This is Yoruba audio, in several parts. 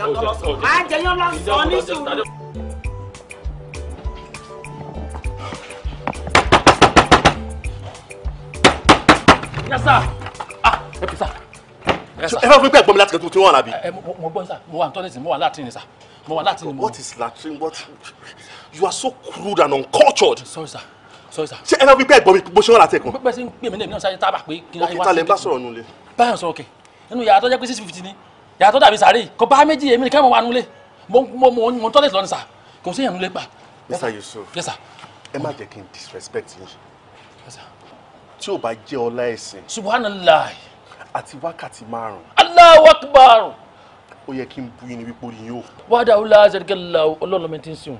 Yes, sir. Ah, help sir. sir. Ẹ fẹ́ fún pé ẹ̀gbọ́n mi láti kẹ́tù tí wọ́n wà lábí. Mo gbọ́ sá, mo wà ní tọ́lẹ̀tì, mo wà látìní sá. Mo wà látìní. What is latrine? What? You are so crude and uncultured. Sorry, sir. Sorry, sir. Ṣé ẹ fẹ́ fún pé ẹ̀gbọ́n mi bó ṣe wọ́n láti ẹ̀kọ́? Bẹ́ẹ̀ sẹ́ ń pè mí náà, mi náà sáré tábà pé kí n wá sí. Òkè talẹ̀ ń bá sọ̀rọ̀ nulẹ̀. Báyọ̀ sọ̀rọ̀ kẹ̀. Nínú yàrá tó pé six fifty ni yàtọ̀ dàbí sàárè kò bá méjì èmi nìkan mo wà nulẹ̀ mo mo mo mo tọ́lẹ̀ lọ́nà sà kò sí ìyànulẹ̀ gbà. Mr Yusuf yes sir ẹ má jẹ́ kí n disrespect yín tí ò bá jẹ́ ọlá ẹ̀sìn. subhanallah. àti wákàtí márùn. Allahu akbar. ó yẹ kí n bu yín wípé orí yín ò. wàdà ọlá azẹrẹgẹlá ọlọ́run ti ń sìn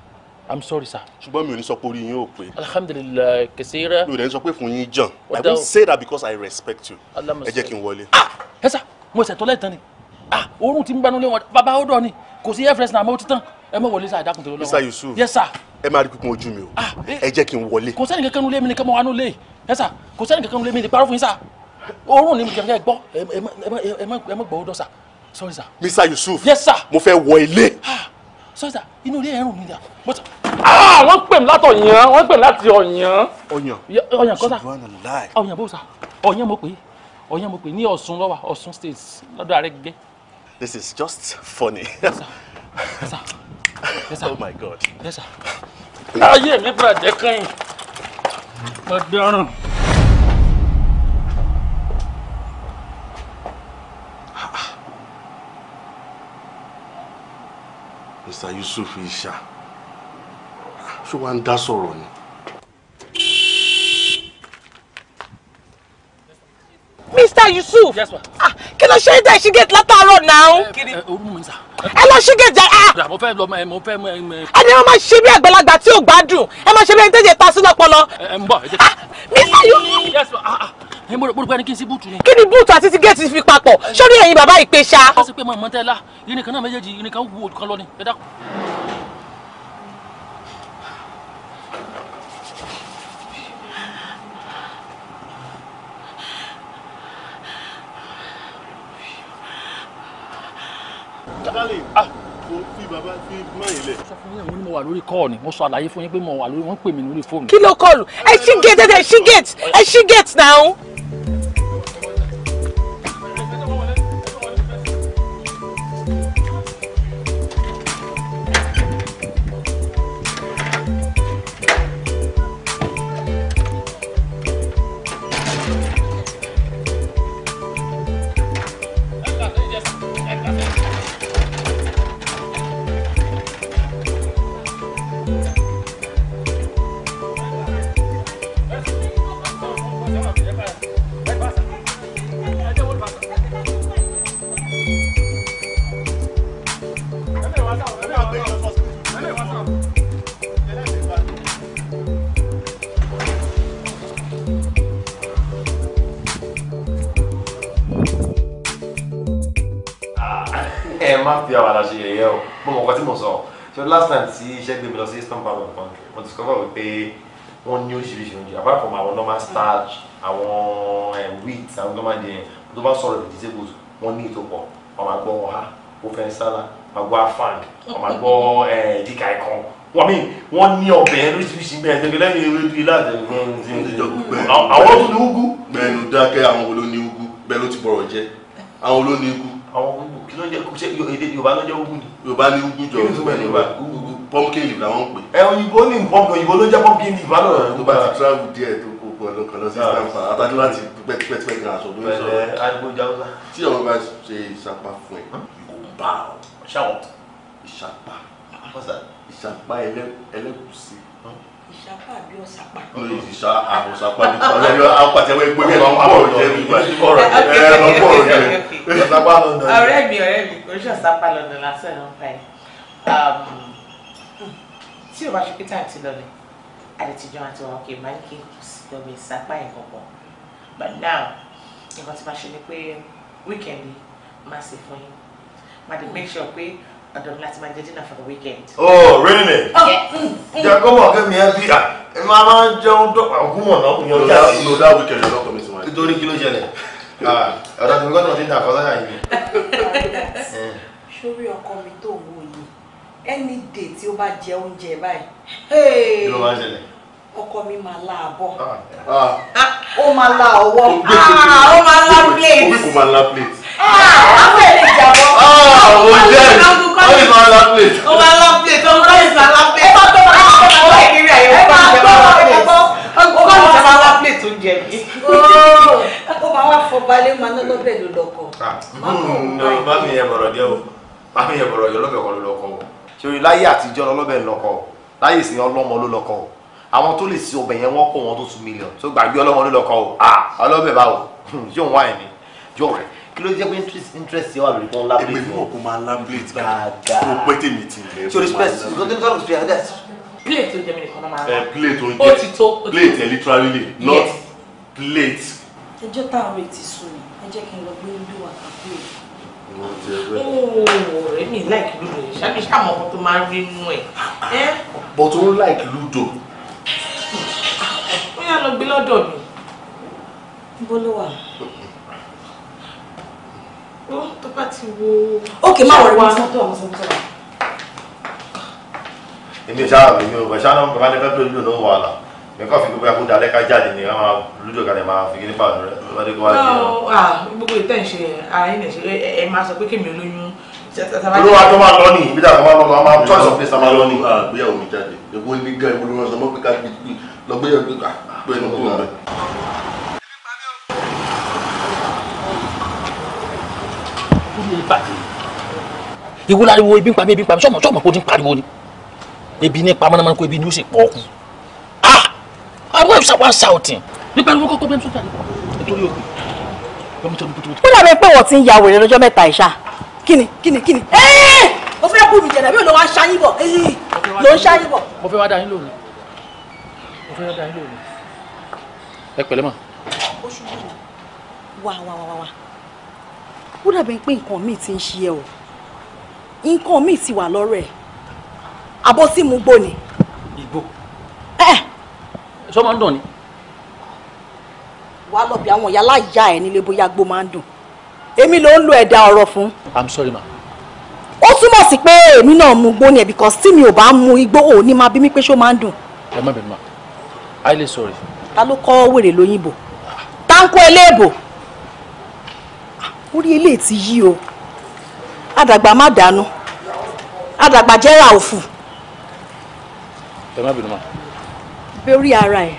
i'm sorry sir. ṣùgbọ́n mi ò ní sọ pé orí yín ò pé. alhamdulilayi kẹsìrẹ. mi ò dẹ́n sọ pé fún yín jàn i won't say that because i respect you. ẹ jẹ́ kí n wọlé. ẹ ah! sá mo ṣètò lẹ́tàn ni ah oorun ti ń gbanú lé wọn bàbá ó dọ̀ ni kò sí air freshener náà àmọ́ ó ti tán ẹ mọ̀ wọlé sáà dákun tó lọ́wọ́ Mr Yusuf yes sir ẹ máa rí kúkún ojú mi o ah, eh. ẹ jẹ́ kí n wọlé. kò sẹ́ni kankan nulẹ̀ mi ni kẹ́mọ́ wa nulẹ̀ ẹ sà kò sẹ́ni kankan nulẹ̀ mi ni parọ́ fún yín sà oorun ni kẹ̀kẹ́ gbọ́ ẹ mọ̀ gbọ́ ó dọ̀ sà sorry sà. Mr Yusuf yes sir mo fẹ́ wọ ilé. Ah, sorry sir inú ilé ẹ̀rùn mi ni à. Ah, wọ́n pè mí láti ọ̀yàn wọ́n pè mí láti ọ̀yàn. ọ̀yàn ọ̀yàn ọ̀yàn bó sà ọ̀yàn mo pè ọ̀yàn mo pè ní Ọ̀ṣun ló wà Ọ̀ṣun state lọ́dọ̀ Àrẹ́gbẹ́ This is just funny. Yes, sir. Yes, sir. Yes, sir. Oh my God. Yes, sir. Ah Ayé mi bàjẹ́ kẹ́yìn. Ọ̀daràn. Mr. Yusuf Isha, ṣé wàá ń dá sọ̀rọ̀ ni? Mr. Yusuf. Yes, ma lọ ṣe é dẹ̀ ṣígẹ̀tì látàárọ̀ náà. ẹ lọ ṣígẹ̀tì jà. Ah. mo fẹ́ lọ mo fẹ́. ẹni wọn máa ṣe bí àgbàlagbà tí ò gbádùn ẹ máa ṣe bí ẹni tẹ́jẹ̀ ta sí lọ́pọlọ. ẹ ń bọ̀ ẹ jẹ́ ká. Ah, mi sáyọ ah, ẹ mo rò pé ní kí n sí búùtù ni. kí ni búùtù àti ti géètì fi papọ̀ sórí ẹ̀yin bàbá ìpèsà. wọ́n pé mo mọ̀ tẹ́lá yìnyín kan náà méjèèjì yìnyín kan wù ó kan lọ ni ẹ dákun. darling ah mo fi bàbá fi má yín lẹ̀. sọ fún yín mo ní wà lórí kọ́ọ̀ ni sọ àlàyé fún yín pé mo wà lórí wọ́n pè mí lórí fóònù. kí ló kọlù ẹ ṣí gate ẹ ṣí gate ẹ ṣí gate náà. máa starch àwọn eh, wheat àwọn tó máa jẹ yẹn tó bá sọ̀rọ̀ vegetables wọ́n ní ìtòpọ̀ wọ́n máa gbọ́ ọ̀há ofe nsala wọ́n máa gbọ́ afang wọ́n máa gbọ́ eh, dika ikọ̀ wọ́n mi wọ́n ní ọbẹ̀ oríṣiríṣi bẹ́ẹ̀ tẹ́lẹ̀ lẹ́yìn ewédú ilá àwọn tó ní ugu. bẹ́ẹ̀ni dákẹ́ àwọn wo ló ní ugu bẹ́ẹ̀ ló ti bọ̀rọ̀ jẹ́ àwọn ló ní ugu. àwọn ugu kí ló jẹ́ kó ṣe èdè yorùbá ló jẹ́ ugu ni. yorùbá ní ugu jọ ugu pumpkin leaf làwọn ń pè. ẹ eh, òyìnbó ní pumpkin òyìnbó ló jẹ́ pumpkin leaf tó bá ti travel díẹ̀ tó ló kan náà sí stampa ah. atakilanti pẹtipẹtipẹ kan aṣọ ló ń sọ pẹ̀lẹ́ adigunjawusa. tí àwọn bá ṣe ìsapá fún ẹ kò bá ọ. ṣàwọ. ìsapá ìsapá ẹlẹ́kùsí. ìsapá àbí ọ̀sàpá. ìsà àwòsàpá ni ọ̀rẹ́ yóò apàtẹ́wé gbẹ́gbẹ́ lọ́wọ́ bọ̀rọ̀ jẹ́ mi ọ̀rọ̀ jẹ́ mi bọ̀rọ̀ jẹ́ mi ọ̀sàpá lọ́nà. ọ̀rẹ́ mi ọ̀rẹ́ mi kò ṣọ̀sàpá lọ́nà lásán náà pa ẹ̀ um, hmm. tí o bá ṣe pété àti lọ́nà àdètìjọ́ àti wa òkè máa ní kí n kù sí omi ìsápá ìkọ̀kọ̀ but now nǹkan tí máa ṣe ni pé weekend máa ṣe fún yín máa dey make sure pé ọ̀dọ̀ mi láti máa jẹ dinner for the weekend. oh really? jacobo kemi ẹbí ẹ máa máa jẹun tó àgúmọ̀ náà kò yan ọjà ló dá weekend lọ́kọ̀ mi sí wa. nítorí kí ló ṣẹlẹ̀ ọ̀dọ̀ mi gbọ́dọ̀ dinner for lọ́yà yìí. sórí ọkọ mi tó wò yìí any day tí ó bá jẹ oúnjẹ báyìí. kí ló máa ń ṣẹlẹ̀? ọkọ mi máa la àbọ̀ ah, ah. Ah, ó máa la ọwọ́ ó máa la plate òbí kò máa la plate àwọn èlé ìjàbọ̀ ó máa la plate ó máa la plate ó máa la plate ó máa la plate ẹ bá tó máa la plate ó kiri àyè ó máa tó máa la plate ó máa la plate ó jẹ mi. ó máa wá fọ balẹ̀ máa ná lọ́bẹ̀ ló lọ́kọ̀. má mi yẹ bọ̀rọ̀ jẹ́ o má mi yẹ bọ̀rọ̀ yọ lọ́bẹ̀ kọ́ ló lọ́kọ̀ o ṣé láyé àtijọ́ lọ́bẹ̀ lọ́kọ̀ láyé ìsìn ọlọ́mọ ló lọ́kọ̀ o àwọn tó lè sí ọbẹ̀ yẹn wọ́n kó wọn tó two million tó gbàgbé ọlọ́wọ́n ló lọ́kọ́ o ah ọlọ́bẹ̀ báwo yóò wá ẹ̀mí yóò rẹ̀ kí ló jẹ́ pé interest interest yẹn wà lórí kan lábílẹ̀ fún ọ. èmi mọ̀ kó máa lábílẹ̀ dáadáa kó pẹ́ tèmi ti lẹ̀ fún máa lábílẹ̀. plate oúnjẹ mi nìkan máa ń bá ó ti tó plate literally not plate. ẹjọ́ táwọn rẹ̀ ti sùn mí ẹ jẹ́ kí n lọ gbé ìlú wa kàkúrò. ooo èmi like ludo ṣáà mi ṣáà mọ̀ ọkọ tó máa ń rí inú ẹ̀. but òun like ludo yá lọ gbé lọ́dọ̀ mi. Bó ló wà? Ó tó bá ti wo. Ókè má wọ̀rọ̀ wá. Sọ́tọ̀ àwọn sọ́tọ̀. Èmi ṣáà mi ò ṣáà náà bàbá lẹ́fẹ̀ẹ́ tó lù náà wà lá. Mi kàn fi gbogbo ẹkú dalẹ́ ká jáde ni wọ́n máa lójú kalẹ̀ máa fi nípa ọ̀nà rẹ̀ tó bá dé kó wá jẹun. Ah, gbogbo ìtẹ̀ ń ṣe àyìn ah, ẹ̀ máa sọ pé kèmi olóyún olúwa tó máa lọ ní ibi tí a máa lọ lọ máa tọ́ ìsọ̀fẹ́ sá máa lọ ní. àgbéyàwó mi jáde èwo ní gan ìwúlò wọn sọ mọ́ pé ká lọ gbéyàwó gbégbà gbẹnu kú ọbẹ. ìwọ láriwo ebi ń pa mí sọmọ sọmọ kó ti pariwo ni ebi ní pamọ́ náà ebi ní ó sì pọ̀ àwọn ẹ̀ṣọ́ wa ṣàwùtì nípa ìwọ kọ́kọ́ bẹ́ẹ̀ tó nítorí òkú ó dàbí pé wọ́n ti ń ya wèrè lọ́jọ́ mẹ́ta ìṣá kíni kíni kíni ẹ́ẹ́ o fẹ́ kú mi jẹ̀dá bí olówó aṣáyín bọ̀ ń ṣáyín mo fẹ́ wá dá yín lónìí ẹ pẹ̀lẹ́ mà. oṣù yìí wà wà wà wà ó dàbí pé nǹkan míì ti ń ṣe ẹ o nǹkan míì ti wà lọ́rọ̀ ẹ̀ àbọ̀ sí mu gbó ni. igbó. ẹ. sọ ma ń dùn ni. wàá lọ bí àwọn ìyá láyà ẹ nílé bóyá gbó máa ń dùn èmi ló ń lo ẹ̀dá ọ̀rọ̀ fún. i'm sorry ma. ó túmọ̀ sí pé èmi náà mu gbó ni ẹ̀ because tí mi ò bá mu igbó ò ní máa bí mi pé ṣó máa ń dùn. ẹ má bẹ̀rù ma i le sorry ta ló kọ́ wèrè lóyìnbó táǹkó eléèbò orí eléyìí ti yí o àdàgbà má dànù àdàgbà jẹ́ra òfù. ẹ má bínú ma. bẹ́rí ara ẹ̀.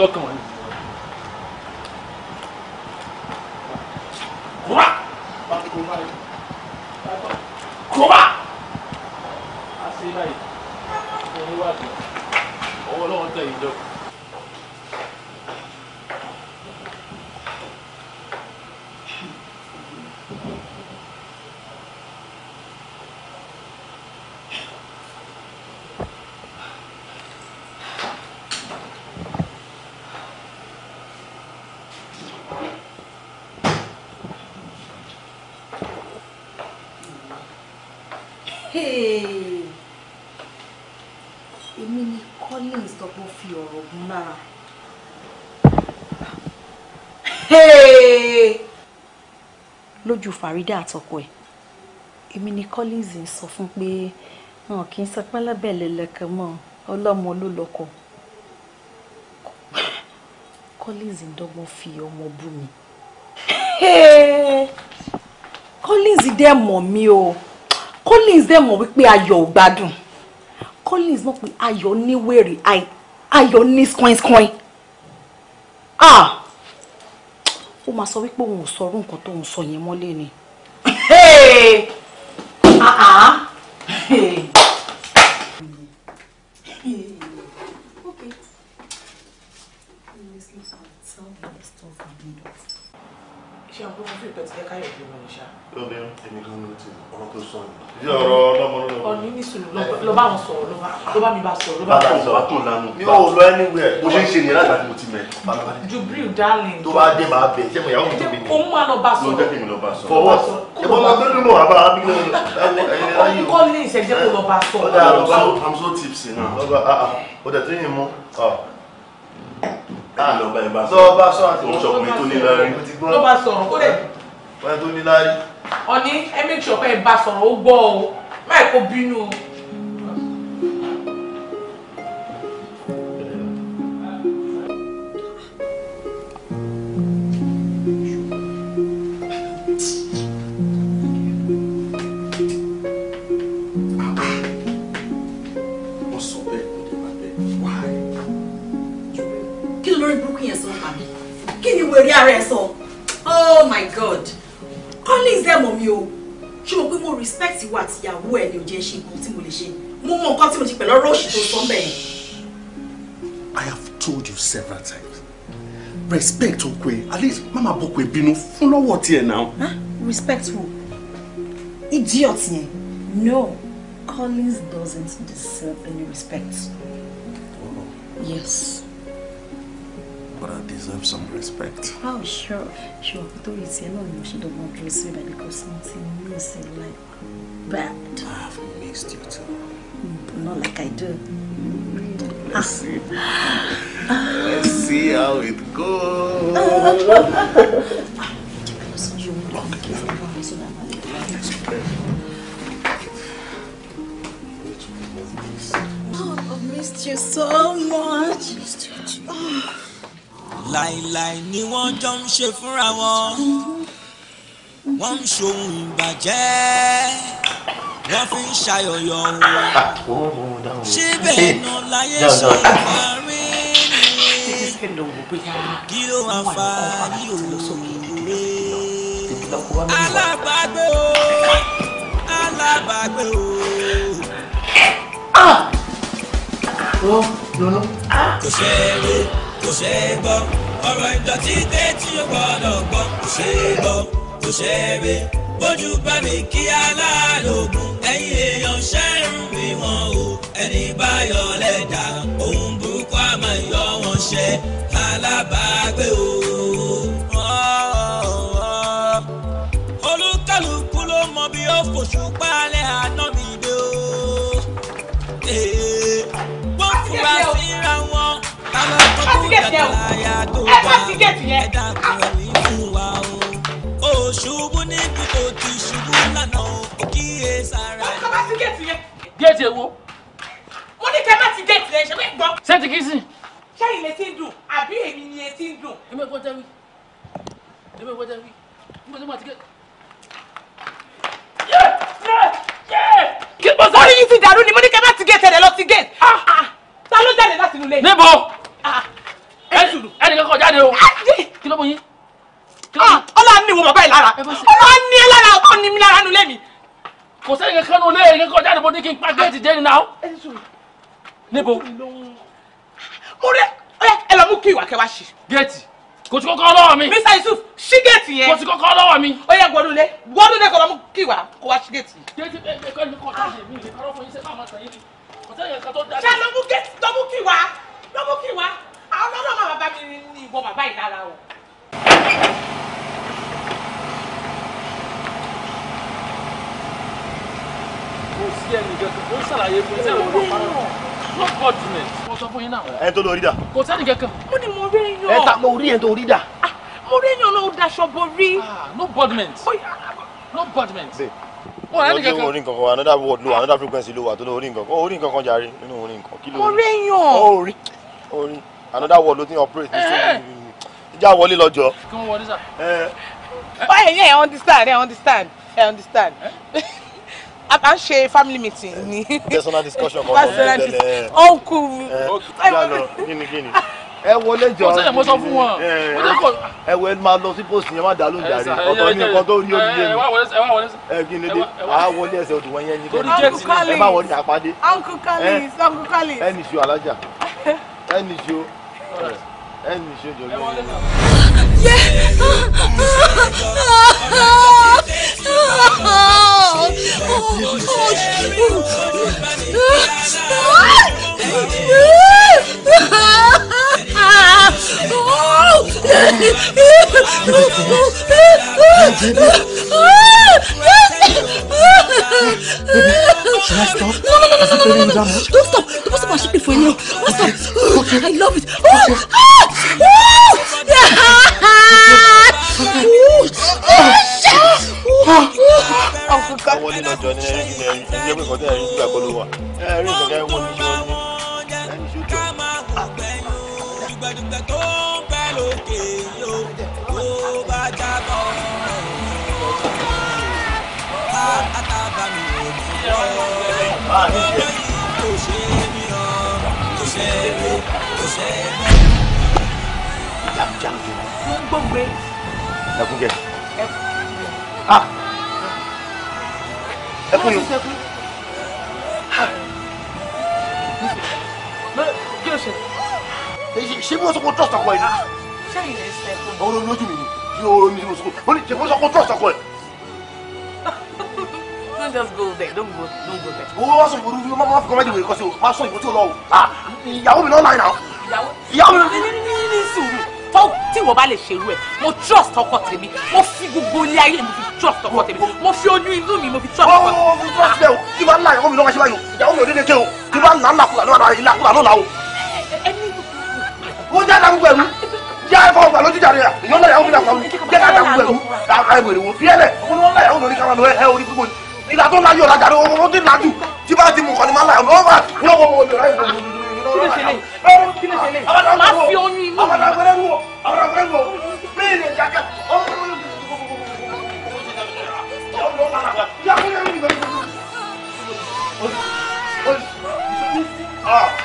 lọ́kàn wọn ni. tọ́jú Farida àtọkọ ẹ̀ èmi ni Collins ń sọ fún pé wọn kì í sọ pẹ́lẹ́bẹ̀ lẹ́lẹ́kẹ̀ mọ́ ọlọ́mọ ló lọ́kọ Collins ń dọ́gbọ́n fi ọmọ bú mi Collins dẹ́ mọ̀ mí o Collins dẹ́ mọ̀ wípé ayọ̀ ò gbádùn Collins mọ̀ pé ayọ̀ ní wèrè ayọ̀ ní skoinskoin. máa sọ wípé òun ò sọrú nǹkan tóun sọ yẹn mọ́lẹ̀ ni. ṣé àwọn tó ń fi ìpẹ̀tì jẹ́ káyọ̀ ìlú wọn ṣá. lóde èmi kan ló ti ọ̀rọ̀ tó sọ ni. ìdí ọ̀rọ̀ ọlọ́mọ lọ́wọ́. ọ̀nì ní sùn lọ bá wọn sọ̀rọ̀ ló bá mi bá sọ̀rọ̀ ló bá mi sọ̀rọ̀. bàbá mi sọ̀rọ̀ kùn lánàá. mi ò lọ ẹni wẹ̀ bó ṣe ń ṣe nìyẹn látàkùn Jubril darling. tó bá dé máa bẹ ṣé mo yàwó mi tóbi ni. òun máa lọ bá sọ. ló jẹ́ kí mi lọ bá sọ. fọwọ́ ìbọn máa gbé nínú àbá abílẹ̀ ọ̀hún. kọ́ ní ìṣẹ́jẹ́ kó lọ bá sọ. ó dà lọ bá i'm so tipsy now. ó dà tẹ́yìn mú. lọ bá ẹ bá sọ. lọ bá sọ àti wọn sọkùnrin tó ní lárí. lọ bá sọ̀rọ̀ ó dẹ̀. wọn tó ní lárí. ọ̀ní ẹ make sure pé ẹ bá sọ̀rọ̀ ó gbọ́ o máì kó bínú o. ṣe nǹkan tí mo lè ṣe mo mọ nǹkan tí mo ti pẹ̀lú ọ̀rọ̀ tó sọ bẹ́ẹ̀. I have told you several times respect okwe e. at least mama bokwe bínú fún lọ́wọ́ tiẹ̀ náà. respectful idiot yẹn no Collins doesn't deserve any respect. Oh. yes. but I deserve some respect. Oh, sure, sure. Authority alone, you should have not dressed me because something means in life bad. I've missed you too. Not like I do. Let's see. Let's see how it goes. oh, I've missed you so much. Láìláì ni wọ́n jọ ń ṣe fúnra wọn wọ́n ń ṣohun ìbàjẹ́ wọ́n fi ń ṣayọ̀yọ̀ ah, wọn síbẹ̀ iná láyé ṣe ìparí kí ló máa fa yíyó rè alábàágbé o alábàágbé o. Ah! kò ṣe é rí kò ṣe é gbọ́ ọ̀rọ̀ ìdọ̀tí dé tí o gbọ́dọ̀ gbọ́ kò ṣe é gbọ́ kò ṣeré bójú bá mi kí aláàlógún ẹ̀yin èèyàn ṣẹ́rùn mi o ẹni bá yọ lẹ́dà ohun burúkú àmọ́ ìyọ́ wọn ṣe alábàágbé o. olúkálùkù ló mọ bí ó fòṣù pálẹ̀ àná mi dé o. wọ́n fura síra wọn. ẹ má ti gẹ̀ẹ́tì yẹn ṣubú níbi tó ti ṣubú lánàá kò kíyè sára. ọkọ bá sí géètì yẹn. géètì èwo. mo ní kẹ́ ẹ má ti géètì yẹn ṣe fẹ́ gbọ́. ṣé ti kí sí. ṣé ilé ti ń dùn àbí èmi ni etí ń dùn. èmi kò tẹ́ wí èmi kò tẹ́ wí mo ti mọ̀ ti géètì. yé yé yé. kí mo sọ. orí yìí ti dàrú ni mo ní kẹ́ ẹ má ti géètì ẹ̀ lọ sí géètì. Ah, ah. ta ló jáde láti inú níbo. Ah, ẹ ẹ jáde o. kí ló mọ yín. Ah, ọlá ní ìwọ bàbá yìí lára ọlá ní ẹ lára ọkọ ní mi lára nu lẹ́mi. kò sẹ́yìn kankan nù lé ẹ̀yìn kọjá àdìbò ní kí n pa géètì jẹ́ ni náà. níbo. mo rí ẹ lọ mú kí ìwà kẹwàá ṣe. géètì kò sí kọ́kọ́ lọ́wọ́ mi. Mr Yusuf ṣí géètì yẹn. kò sí kọ́kọ́ lọ́wọ́ mi. ó yẹ gbọdúnlé gbọdúnlé kọ́ lọ mú kí ìwà kó wá ṣí géètì. géètì ẹ ẹ kọ́ ẹ kọ́ ọ̀tá ṣe mí lè kọ́ lọ́kùnrin ṣe káàmọ́ sàn yín ni kò sẹ́yìn kan tó dá. ṣá lọ mú géètì lọ mú kí ìwà lọ mú kí ìwà àwọn ọlọ́mọ bàbá mi ni ìwọ bàbá ìlara o ẹ tó lórí dà. kò sẹ́ni kankan. mo ní mo rí yan. ẹ ta mo rí ẹ tó rí dà. Ah, mo rí yan náà ó daṣọ borí. Ah, no bodiment. no bodiment. ó ẹni kankan. orí nǹkan kan another word ló another frequency ló wà tó lórí nǹkan kan orí nǹkan kan jàre nínú orí nǹkan kí ló rí. mo rí yan. ó rí já wọlé lọ́jọ́. kí wọ́n wọlé sà. ọ ẹ ẹ understand ẹ understand ẹ understand a máa ń ṣe family meeting ni. personal discussion kan ló ń tẹ̀lé. uncle. ẹ lọ Gini. gíní. ẹ wọlé jọ ọ mo sọ fún wọn. ẹ wọ ẹ máa lọ sí post yẹn má dàá lóun jàre ní nǹkan tó rí omi yé ẹ gíní dé a wọlé ẹsẹ̀ odò wọn yẹn ní kẹ́lí ẹ má wọlé àpàdé. uncle Collins uncle Collins. ẹ nìṣó alájà ẹ nìṣó ẹ̀mí ṣojo lórí Should I stop? No, no, no, no, no, no, no, no, no. Don't stop. The person was shipping for you. What's up? Okay. I love it. Oh, okay. oh, oh, yeah. okay. oh, oh, oh, oh, oh, oh, gbọ́gbẹ́. ẹkúnjẹ. ẹkún ni. kí o ṣe. ṣé bí wọ́n sọ pé trust ọkọ yìí. ṣé ìrẹsẹ̀ kún. ọ̀rọ̀ lójú mi ni yóò ní sọ pé ó ní ṣe bí wọ́n sọ pé trust ọkọ yìí don't just go there don't go don't go there. owó wá sọ ìwé rúbí má má fi kọ́mẹ́dì wèrè kọ́ sí o má sọ ìwé tí you. lọ o ah, ìyàwó mi náà láyìn náà. ìyàwó mi. ní ní ní ní sùúrù tó tí wọ́n bá lè ṣerú ẹ̀ mo trust ọkọ tèmi mo fi gbogbo ilé ayé mi fi trust ọkọ tèmi mo fi oyún inú mi mo fi trust ọkọ tèmi. ó fi trust bẹ́ẹ̀ o tí wàá láyìn ọmọ mi náà wá ṣe báyìí o ìyàwó mi ò dédé ké o tí wàá là ń là kúrò àná là o. ó jẹ́ àdàmú pẹ̀lú jẹ́ ẹ̀fọ́ ọgbà lójú jàre à ìyọ́nlá ìyàwó mi náà pàmò jẹ́ àdàmú pẹ̀lú àìwèrè wo fi ìlà tó láyò ọ̀la jàre owó tó lájú tí bá ti mú kọ́ni máa láyò lọ́wọ́ wọ́n wọ́n wọ́n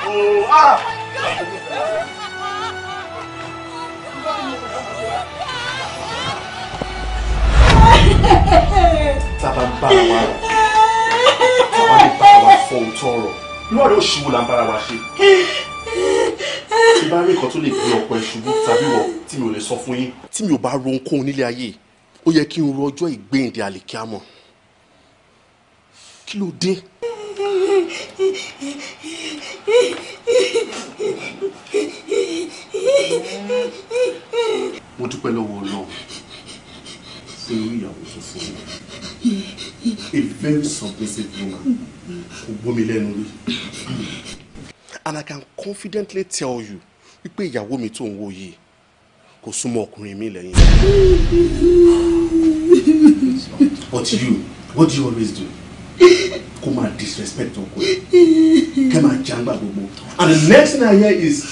oh, ah! tábà ń bára wa tábà ń bára wa fọ òótọ́ ọ̀rọ̀ irú àdó òṣìwò là ń bára wa ṣe tí bá rí nǹkan tó lè gbé ọkọ ẹ ṣubú tàbí wọ tí mi ò lè sọ fún yín tí mi ò bá ro ohunkóhun nílé ayé ó yẹ kí n ro ọjọ́ ìgbéǹde àlìkíámọ̀ kí ló dé. mo dúpẹ́ lọ́wọ́ Ọlọ́run fún ìyàwó tuntun mi a very submissive woman kò and i can confidently tell you you pay your woman to wo yìí kò súnmọ́ ọkùnrin but you what do you always do come and disrespect ọkùnrin kẹ́ máa jàǹgbà gbogbo and the next thing i hear is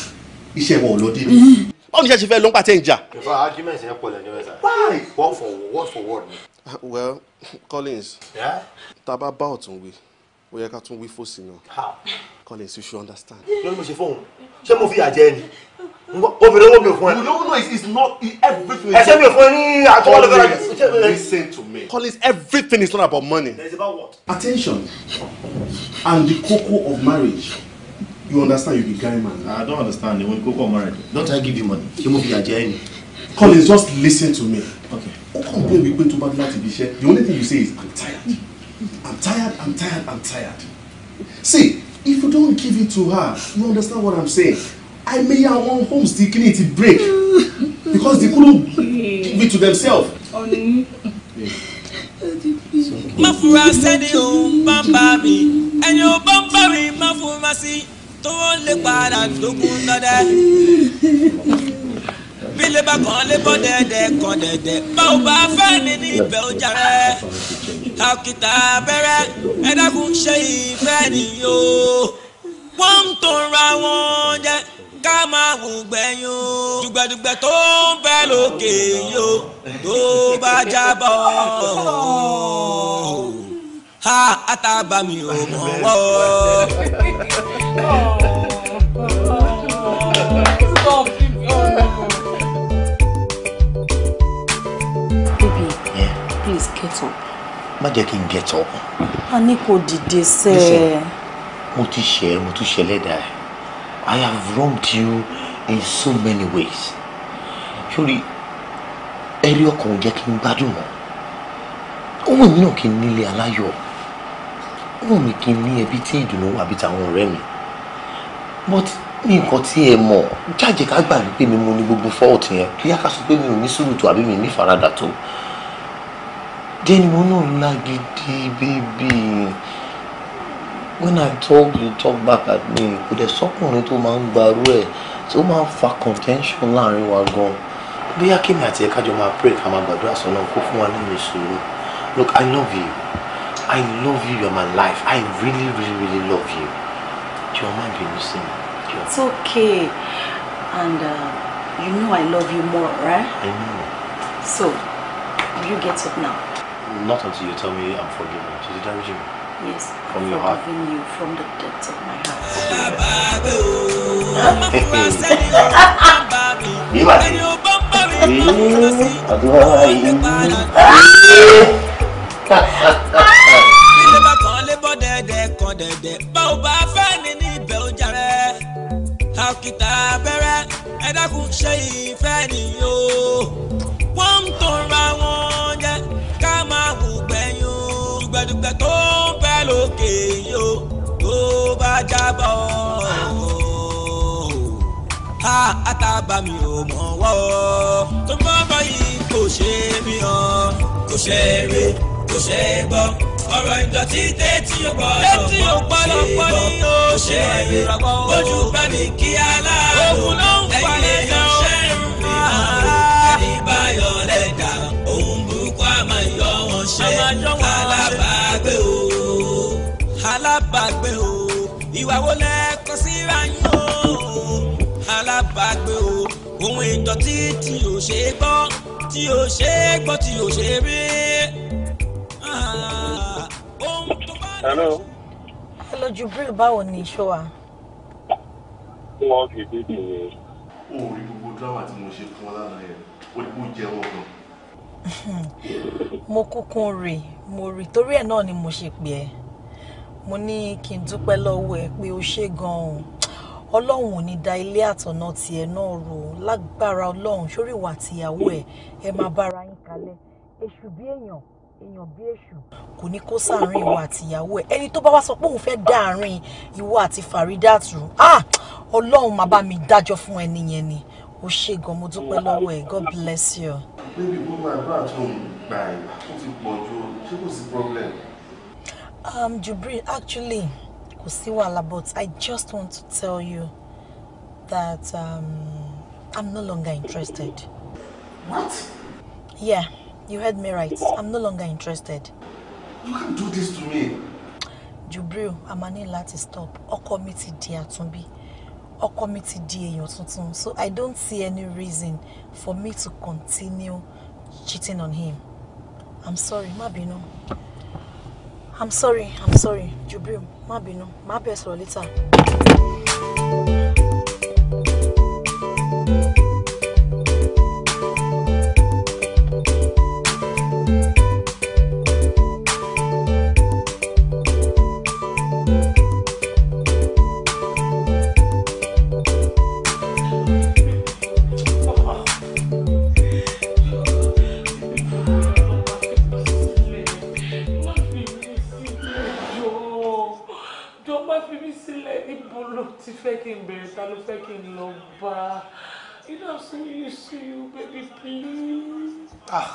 iṣẹ́ wa ò lọ dé báwo ni iṣẹ́ ṣe fẹ́ ló ń pàtẹ́ ìjà. ìfọ̀ argument yẹn pọ̀ lẹ́jọ́ ẹ̀sà. why word for word for word ni. well Collins tá a bá bá ọ̀tún wí ó yẹ ká tún wí fòsì náà Collins you should understand. lórí mo ṣe fóun ṣé mo fi àjẹ ni obìnrin wo mi ò fún ẹ. you don't know it is not e, everything. ẹsẹ mi ò fún ẹ ní àtúwọ́ lọ́gbẹ́rẹ́. listen to me. Collins everything is not about money. there is about what. attention and the cocoa of marriage. You understand you be guy man. I don't understand. When you go come married, don't I give you money? You move fi àjẹ́ Collins, just listen to me. Okay. Ó kàn pé wípé to bá dé láti ibi the only thing you say is I'm tired. I'm tired, I'm tired, I'm tired. See, if you don't give it to her, you understand what I'm saying? I may have one home the clinic break because they couldn't give it to themselves. Only. fura sẹ́ni òun tó ń lè padà lókun dọ́dẹ́ bí lè bá kàn lè bọ́ dẹ́dẹ́ kàn dẹ́dẹ́ báwo bá fẹ́ mi ní ibẹ̀ ó jàre àkìtà abẹ́rẹ́ ẹ ṣe ìfẹ́ nìyó wọ́n ń tó wọn jẹ́ ká máa wù gbẹ̀yìn o dùgbẹ̀dùgbẹ̀ tó ń bẹ lókè yìí o tó bá jábọ̀ ha àtàbà mi ò mọ̀ wọ́. baby yeah. please get up. má jẹ́ kí n get up. a ní kò dìde sẹ́ ẹ. mo ti ṣe mo ti ṣe lẹ́dàá I have wronged you in so many ways. sori ẹ̀rí ọkàn ò jẹ́ kí n gbádùn mọ́ ohun èmi náà kí n nílé aláyọ̀ wù mí kí n ní ẹbí tí ìdùnnú àbí tàwọn ọ̀rẹ́ mi but ní nǹkan tí ẹ mọ̀ jáde ká gbà wípé mi mo ní gbogbo fọ́ọ̀tì yẹn kí á kà sọ pé mi ò ní sùúrù tó àbí mi ní faradà tó then mo náà lágídí bébì when I talk you talk back at me kò dẹ̀ sọ́kùnrin tó máa ń gbarú ẹ̀ tó máa ń fa contention láàrin wa gan bóyá kémi àti ẹ̀ka jọ máa pray ká máa gbàdúrà sọ́nà kó fún wa ní ìṣòro look I love you. I love you. You're my life. I really, really, really love you. Do you má bínú sí mi. It's okay. And uh, you know I love you more, right? I know. So, you get up now. Not until you tell me I'm forgiven. Ṣé ti dáríjì mi? Yes. From I'm your heart? forgiving you from the depths of my heart. Bí wàá ṣe. Àdúrà yìí. ṣe ìfẹ́ nìyó wọ́n ń tora wọn jẹ́ ká máa wù gbẹ̀yìn dùgbẹ̀dùgbẹ̀ tó ń bẹ lókè yó tó bá jábọ̀ ha àtàbàmì ò mọ̀ wọ́ tó bá bọ̀ yìí kò ṣe é mi hàn kò ṣe é rí kò ṣe é gbọ́ ọ̀rọ̀ ìdọ̀tí tẹ́tí ọ̀pọ̀lọpọ̀ tẹ́tí ọ̀pọ̀lọpọ̀ ni ó ṣe é rí ojú bá mi kí aláàbò ẹ̀yìn ẹ̀yọ́ ẹni o ohun ìdọ̀tí tí o ṣe gbọ́ tí o ṣe gbọ́ tí o ṣe rí. Ah, hello. hello Jubril báwo ni ṣó wa. wọ́n kì í dídì ní dírámà tí mo ṣe fún ọ lánàá yẹn ó jẹ wọn gan. mo kúkú rè mo rè torí ẹ̀ náà ni mo ṣe pè ẹ́ mo ní kí n dúpẹ́ lọ́wọ́ ẹ pé o ṣe gan-an ọlọ́run ò ní da ilé àtọ̀nà tiẹ̀ náà rò lágbára ọlọ́run sórí ìwà àtìyàwó ẹ̀ ẹ máa bára yín kalẹ̀ èṣù bí èèyàn èèyàn bí èṣù kò ní kó sáàárín ìwọ àtìyàwó ẹ ẹni tó bá wá sọ pé òun fẹ́ dá àárín ìwọ àti Fàrídàtù ah ọlọ́run máa bá mi dájọ́ fún ẹni yẹn ni ó ṣe mo dúpẹ́ lọ́wọ́ ẹ̀ god bless you. bébí gbogbo àdúrà tó ń gbà ìgbà tó ti pọ̀ ju ṣé kò sí problem. um Jubril actually kò sí wàhálà but i just want to tell you that um, i'm no longer interested. what. yeah you heard me right i'm no longer interested. you can't do this to me. Jubril a máa ní láti stop ọkọ mi ti di àtúnbí ọkọ mi ti di èèyàn tuntun so I don't see any reason for me to continue cheating on him I'm sorry Ma bínú I'm sorry I'm sorry Jubril Ma bínú Ma bẹ̀ sọ̀rọ̀ later. ah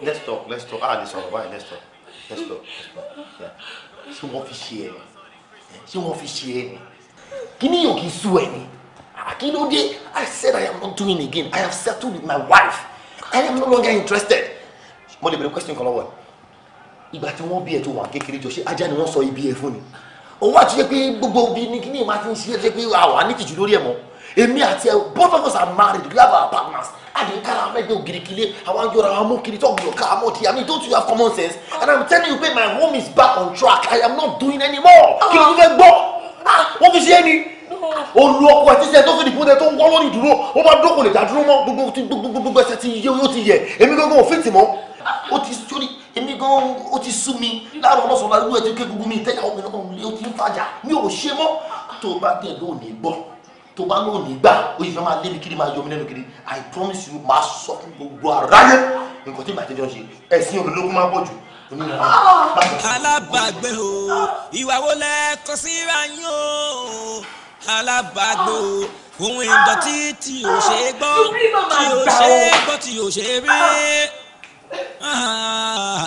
let's talk let's talk ah this one. why let's talk let's talk let's talk Yeah. wọ́n fi ṣe ẹ ni ṣé wọ́n fi ṣe ẹ ni ah, kí ni yóò i said i am not doing again i have settled with my wife i am no longer interested mo lè bẹ̀rẹ̀ question kan lọ́wọ́ ìgbà tí wọ́n bí ẹ tó wà kékeré jọ ṣé ajá ni wọ́n sọ ibi ẹ fún ni òun àti ṣe pé gbogbo ibi ni kini ni ìmọ̀ àti ṣe é ṣe pé àwa ní tìjú lórí ẹ̀ mọ́ èmi àti ẹ both of us are married we have our partners àdínkára mẹ́gbẹ́ ògirikilé àwọn àjọra àwọn amókiri tó gbìyànjú ká àmọ́ ti mean, don't you have common sense and i'm telling you pé my home is back on track i am not doing anymore kí ló ń fẹ́ gbọ́ ah, wọ́n fi ṣe é ni olú ọkọ ẹ títí ẹ tó fi dìbò tẹ tó ń wọ́ lórí ìdúró ó bá dúró kò lè dá dúró mọ́ gbogbo gbogbo ẹsẹ̀ ti yé yóò ti yẹ èmi gbogbo òfin tì mọ́ ó ti sórí èmi gan ó ti sú mi láàárọ̀ ọlọ́sọ̀ láàárọ̀ ẹ̀ tó ké gbogbo mi tẹ́yàwó mi lọ́kàn mi ó ti ń fàjà mi ò ṣe mọ́ tó bá dẹ̀ lónìí gbọ́ tó bá lóò ní gbà ó yìí fẹ́ máa lé mi kiri máa yọ mi lẹ́nu kiri i promise you máa sọ fún gbogbo aráyé nǹkan tí màtí jọ ṣe ẹ̀sìn olólógún máa pọ̀ jù. alábàgbé o ìwà wo síra yín o alábàgbé o ohun ìdọ̀tí tí o ṣe gbọ́ tí o ṣe gbọ́ tí o ṣe rí ah,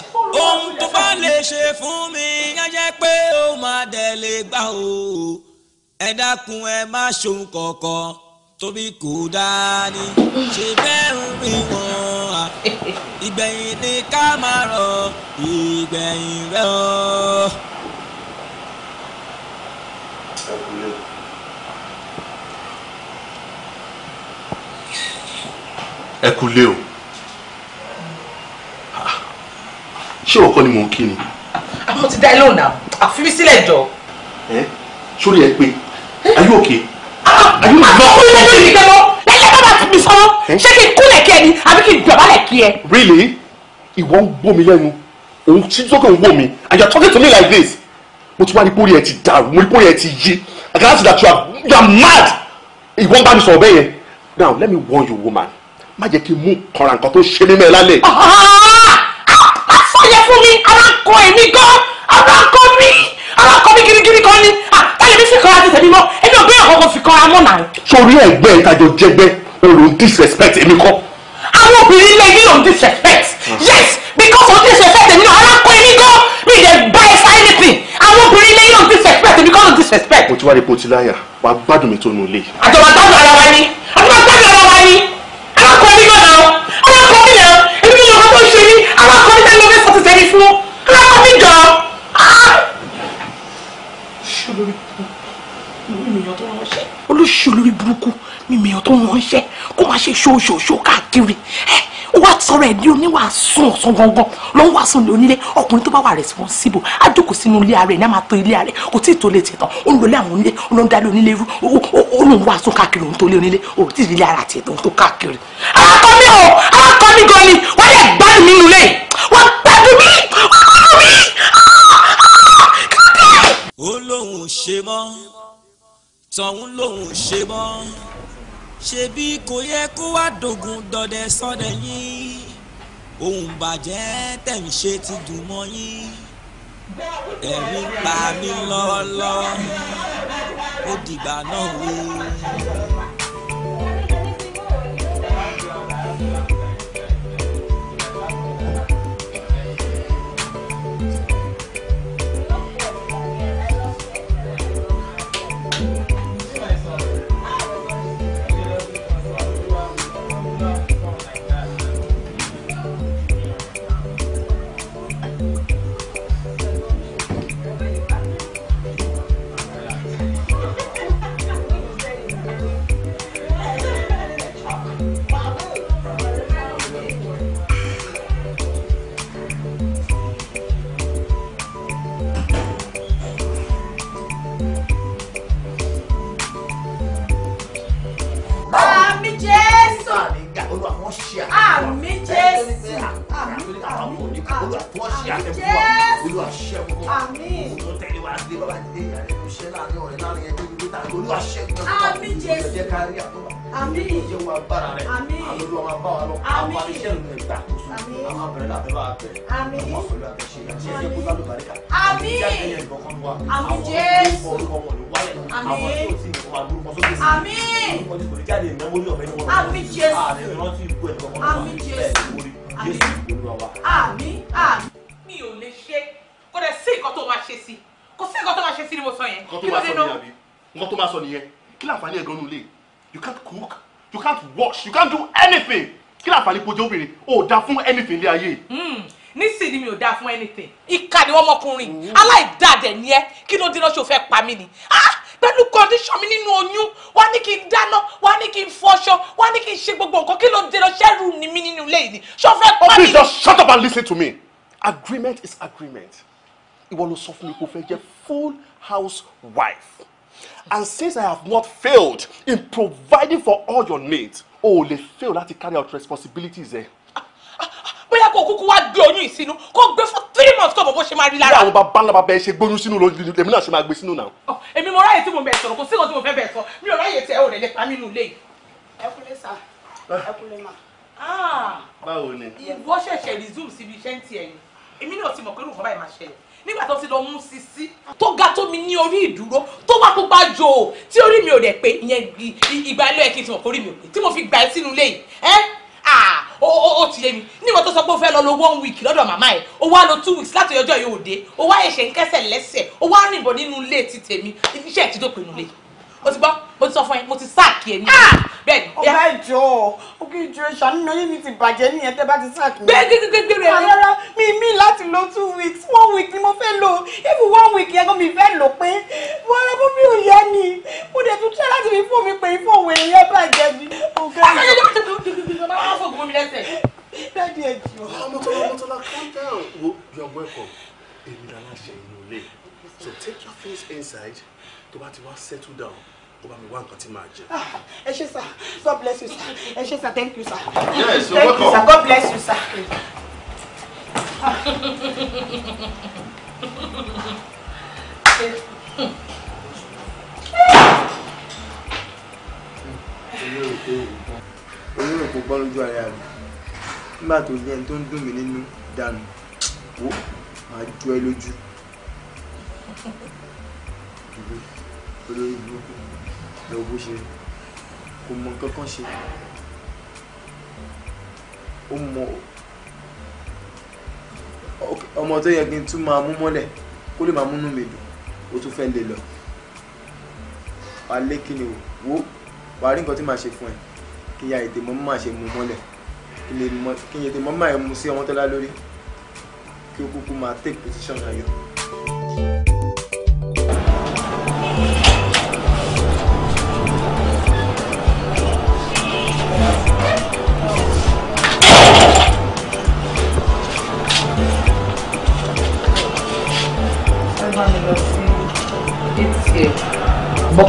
ohun tó bá lè ṣe fún mi yẹn jẹ́ pé ó máa dẹ̀ lè gbà o ẹ dákun ẹ má ṣohun kọ̀ọ̀kan torí kò dáa ni ṣe bẹ́ẹ̀ ń rí wọn à ìgbẹ̀yìn ni ká máa rọ ìgbẹ̀yìn rẹ ọ. ẹ kúlé o ṣé ọkọ ni mò ń kí ni. àwọn ti dá ẹ lónà àfi mi sílẹ̀ jọ. ẹ sórí ẹ pé are you okay? are you not okay? lẹ́yìn bàbá ti mi sọ́rọ́ eh? ṣé kí n kúnlẹ̀ kí ẹ ni àbí kí n dọ̀bálẹ̀ kí ẹ. really ìwọ ń gbó mi lẹ́nu òun tí sókè ń gbó mi and you are talking to me like this mo ti wá ní pórí ẹ ti dàrú mo ní pórí ẹ ti yí I can ask that you are you are mad ìwọ ń bá mi sọ̀rọ̀ bẹ́ẹ̀ yẹn now let me warn you woman má jẹ́ kí n mú kọ̀ọ̀rọ̀ nǹkan tó ṣe mímẹ́ lálẹ́. a ah, ah, ah, sọ yẹ fún mi alákọ̀ọ́ èmi gan alákọ̀ọ́ mi alákọ̀ọ́ mi gidi gan ni táyọ̀ ah, mi fi kọ́ra ti tẹ̀mí mọ́ èmi ò gbé ọ̀kọ̀ọ̀kan fi kọ́ra mọ́ náà. sórí ẹgbẹ́ ìtajọ jẹgbẹ́ olùn disrespect èmi kọ́. àwọn obìnrin ilé yìí lòun disrespect yes because of disrespect èmi náà alákọ̀ èmi gan mi ì dẹ̀ bá ẹ anything àwọn obìnrin ilé yìí lòun disrespect èmi kọ́ lòun disrespect. mo ti wá rí ipò tí láyà wà á gbádùn mi tó nù lé. àjọba gbádùn ara wa ni àjọba gbádùn ara wa ni alákọ̀ èmi gan náà alákọ̀ èmi náà èmi kì í lọ́kọ́ tó ń ṣe ní alákọ̀ èmi náà lọ́fẹ́ sọ́tún tẹ́lẹ̀ fún olóṣù lórí burúkú mímì ọ̀ tó ń ránṣẹ́ kó má ṣe ṣóṣòṣò káàkiri ẹ wá sọ̀rọ̀ ẹ̀ ní oníwà sùn ọ̀sán gangan lọ́n wá sùn lé onílé ọkùnrin tó bá wà responsible á jókòó sínú ilé ara ẹ̀ ní a máa tó ilé ara ẹ̀ kò tí ì tó lè tiẹ̀ tán ó ń lọlé àwọn onílé ó ń dalé onílé rú ó ń wá sùn káàkiri òun tó lé onílé ó ti rí ilé ara tiẹ̀ tó ń tó káàkiri. alákọ mi o alákọ mi gan ni wọ́n yẹ gbádùn mi nulẹ̀ wọ́n gbádùn mi wọ́n gbádùn mi. Ah, ah, ah, ó lóun ṣe mọ́ tọ̀hún lòun ṣe mọ́ ṣebí kò yẹ kó wá dògùn dọdẹ sọdẹ yín ohun bàjẹ́ tẹ̀ ṣe ti dùn mọ́ yín ẹ̀rí pa mí lọ́ọ́lọ́ ó dìgbà náà wí. olúwa ṣẹ́gun ẹ̀kọ́ ah, mi ò lè ṣe kó dẹ̀ sí nǹkan tó máa ṣe sí kò sí nǹkan tó máa ṣe sí ni mo sọ yẹn kí ló dé náà nǹkan tó máa sọ nìyẹn kí láǹfààní ẹ̀gbọ́n nulẹ̀ you can't cook you can't wash you can't do anything kí láǹfààní kó jẹ́ obìnrin ò dáa fún anything ilé ayé. Hmm, nísìnyí ni mi ò dáa fún anything ìkà ni wọn mọkùnrin aláìdáàdẹ ni ẹ kí ló dínà ṣó fẹ́ pa mí ni ah, pẹ̀lú condition mi nínú oyún wá ní kí n dáná wá ní kí n fọṣọ wá ní kí n ṣe gbogbo nǹkan kí ló dínà ṣẹ́rù ni mí nínú ilé yìí ni pa mí. please just shut up and listen to me agreement is agreement ìwọ ló sọ fún mi kó fẹ́ jẹ́ full house wife and since I have not failed in providing for all your needs o ò lè fail láti carry out responsibilities Eh? bóyá kó kúkú wá gbé oyún ìsinú kó gbé fún three months kó bó ṣe máa rí lára. bí àwọn bàbá ńlá bàbá ẹ ṣe gbóyún sínú ló lèmi náà ṣe máa gbé sínú náà. èmi mo ráyè tí mo bẹ̀ sọ̀rọ̀ kò sí nǹkan tí mo fẹ́ bẹ̀ sọ mi ò ráyè tí ẹ ò rẹ̀ lè pa mí nù lé yìí. ẹ kúlẹ̀ sá ah. ẹ kúlẹ̀ má. Ah. báwo ni. ìwọ ṣẹ̀ṣẹ̀ resume síbi iṣẹ́ ń tiẹ̀ ni èmi náà ti mọ̀ pé irú nǹkan báyìí máa ṣẹlẹ̀ nígbà tó ti lọ mú sisi tó ga tó mi ní orí ìdúró tó wá pupa jò ó tí orí mi ò rẹ̀ pé ìyẹn ìgbà ilé ẹ̀kí tí mo forí mi ò pé tí mo fi gbà ẹ́ sínú ilé yìí ẹ́ ó ti yé mi níwọ̀n tó sọ pé ó fẹ́ lọ lo one week lọ́dọ̀ màmá ẹ̀ ó wá lo two weeks láti ọjọ́ yìí òde ó wá ẹ̀ṣẹ̀ ń kẹ́sẹ̀ lẹ́sẹ̀ ó wá rìnbọn nínú ilé ti tèmi iṣẹ́ ẹ̀ ti dópin nulẹ̀ yìí o ti gbọ́ mo ti sọ fún ẹ mo ti sáàkì ẹ ní. Ah! bẹ́ẹ̀ ni. ọba ìjọ òkè ìjọ ìṣàánú náà yín mi ti bàjẹ́ ní tẹ́ bá ti sáàkì mi. gbẹgbẹgbẹgbẹ rẹ. Ah, rárá mi mi láti lo two weeks one week ni mo fẹ́ lò even one week yẹn gan mi fẹ́ lò pé wọ́n rẹ fún mi ò yẹ ni mo dẹ̀ tún tẹ́ láti fi fún mi pé ìfọ̀ òwe yẹn bàjẹ́ mi. ọ̀gá ìjọ. ọmọ tó lọ ọmọ tó lọ calm you are welcome. èmi làlá ṣe inú ilé so take your things inside tó bá ti wá settle down kó mi wá nǹkan tí màá jẹ. Ah, ẹ ṣé sir god bless you sir ẹ ṣé sir thank you sir. yes you're welcome thank you sir god bless you sir. olórí kò gbọ́ lójú ara rẹ̀ nígbà tó yẹ tó ń dùn mí nínú dànù wò máa jó ẹ lójú olórí burúkú lọ bó ṣe kò mọ nǹkan kan ṣe ó mọ ọmọ tó yẹ kí n tún máa mú mọ́lẹ̀ kó lè máa múnú mi dùn ó tún fẹ́ lè lọ alẹ́ kí ni wo wàá rí nǹkan tí màá ṣe fún ẹ kí ya ètè mọ́mọ́ máa ṣe mú mọ́lẹ̀ kí ètè mọ́mọ́ máa mú sí ọmọ tó lá lórí kí ó kúkú máa take position ayọ̀.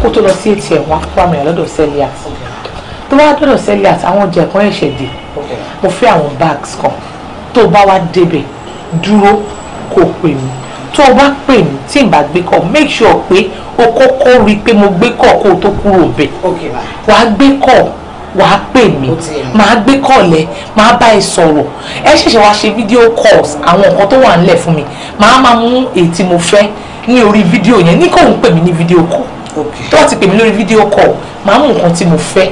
kó tó lọ sí atm wọn kó àmì lọ́dọ̀ Celiat tó bá lọ́dọ̀ Celiat àwọn ọjà kan ẹ̀ṣẹ̀ dé mo fẹ́ àwọn bags kan tó bá wá débẹ̀ dúró kó pè mí tó o bá pè mí tí n bá gbé kọ make sure pé o kọ́kọ́ rí i pé mo gbé kọ kó o tó kúrò bẹ̀ wàá gbé kọ wàá pè mí màá gbé kọ̀lẹ́ màá bá ẹ sọ̀rọ̀ ẹ ṣẹ̀ṣẹ̀ wá ṣe video calls àwọn nǹkan tó wà ńlẹ̀ fún mi màá máa mú èyí tí mo fẹ́ ní orí fídíò yẹn ní kò ń pè mí ní fídíò call tó bá ti pè mí lórí fídíò call màá mú nǹkan tí mo fẹ́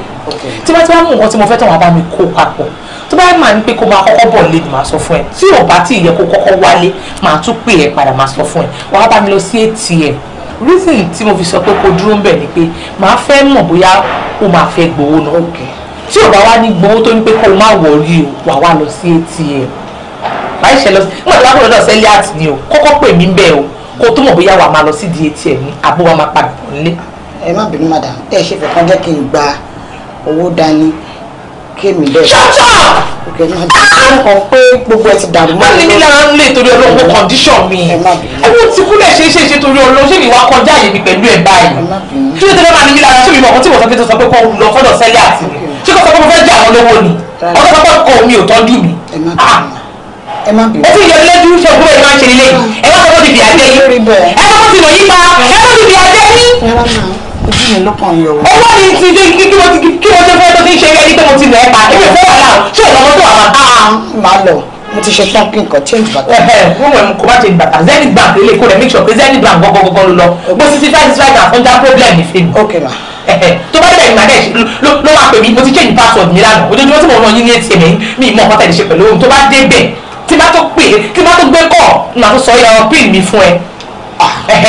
tí bá ti bá mú nǹkan tí mo fẹ́ tó wọn bá mi kó papọ̀ tó bá máa ń pé kó máa kọ́kọ́ bọ̀ lé ni màá sọ fún ẹ tí ò bá tí ì yẹ kó kọ́kọ́ wálé màá tún pè ẹ padà màá sọ fún ẹ wàá bá mi lọ sí atm reason tí mo fi sọ pé kó dúró ń bẹ̀ ni pé màá fẹ́ mọ̀ bóyá ó máa fẹ́ gbowó náà tí ò bá wá ní gbowó tó ń pé kó má wọrí o wàá wá lọ sí atm láì ṣe lọ sí nígbà tó bá kúrò lọ sẹ́lẹ̀ àtìní o kọ́kọ́ pè mí bẹ́ẹ̀ o kó tó mọ̀ bóyá wàá máa lọ sí di atm ní àbó wa máa padà bọ̀ nílé. ẹ má bínú madam ẹ ṣe fẹ́ kán jẹ́ kí n gba owó dání kémi dẹ. ṣọ́ṣọ́. ok madam ó kàn pé gbogbo ẹ ti dàrú mọ́. báyìí nílẹ̀ ń lè torí ọlọ́wọ́ condition mi. ẹ má bínú. ẹ wọ́n ti kúlẹ̀ ṣe é ṣe é ṣe torí ọlọ́wọ́ ṣé mi wá kọjá àyè mi pẹ̀lú ẹ̀ báyìí. ẹ má bínú. kí ló dé máa ní mi lára ṣé mi mọ̀ ọkọ tí mo sọ pé tó sọ pé kọ́ lọ fọ́dọ̀ sẹ́lẹ̀ àti mi ṣé kò sọ pé mo fẹ́ jẹ àwọn olówó ni ọ̀sán pẹ́ kọ́ mi ò tọ́jú mi. ẹ má bínú ah! ẹ má bínú. ó sì yọ lójú ṣòkúrò ẹ máa ń ṣe nílé ẹ wá sọ́kọ́ ti fi àjẹ́ yín ẹ sọ́kọ́ ti mọ̀ yípa ẹ sọ́kọ́ ti fi àjẹ́ yín. ojú mi ló kàn yọ. owó mi ti dé kí mo ti kí mo ti fẹ́ tó ti ń ṣe ẹni pé mo ti lọ ẹ pa èmi fẹ́ wà láà ṣé ìlọ́mọ tó wà máa. máa lọ mo ti ṣe tán kí nǹkan change bàtà. ẹ ẹ wọ́n mọ̀ kó má change bàtà zenith bank lè kó rẹ̀ make sure pé zenith bank gbọ́gbọ́gbọ́ ló lọ mo ti ti satisfied and funda problem ní fíìmù. ok ma tó bá dẹ̀ ìgbàdẹ̀ ló máa pè mí mo ti change password mi lánàá ojoojúmọ́ tí mo rán yín ní atm mi ìmọ̀ ọ̀pá tẹ̀lé pẹ̀lú ohun tó bá dé bẹ́ẹ̀ tí bá tó pè é tí bá tó gbé kọ́ nà tó sọ yọ pin mi fún ẹ ah.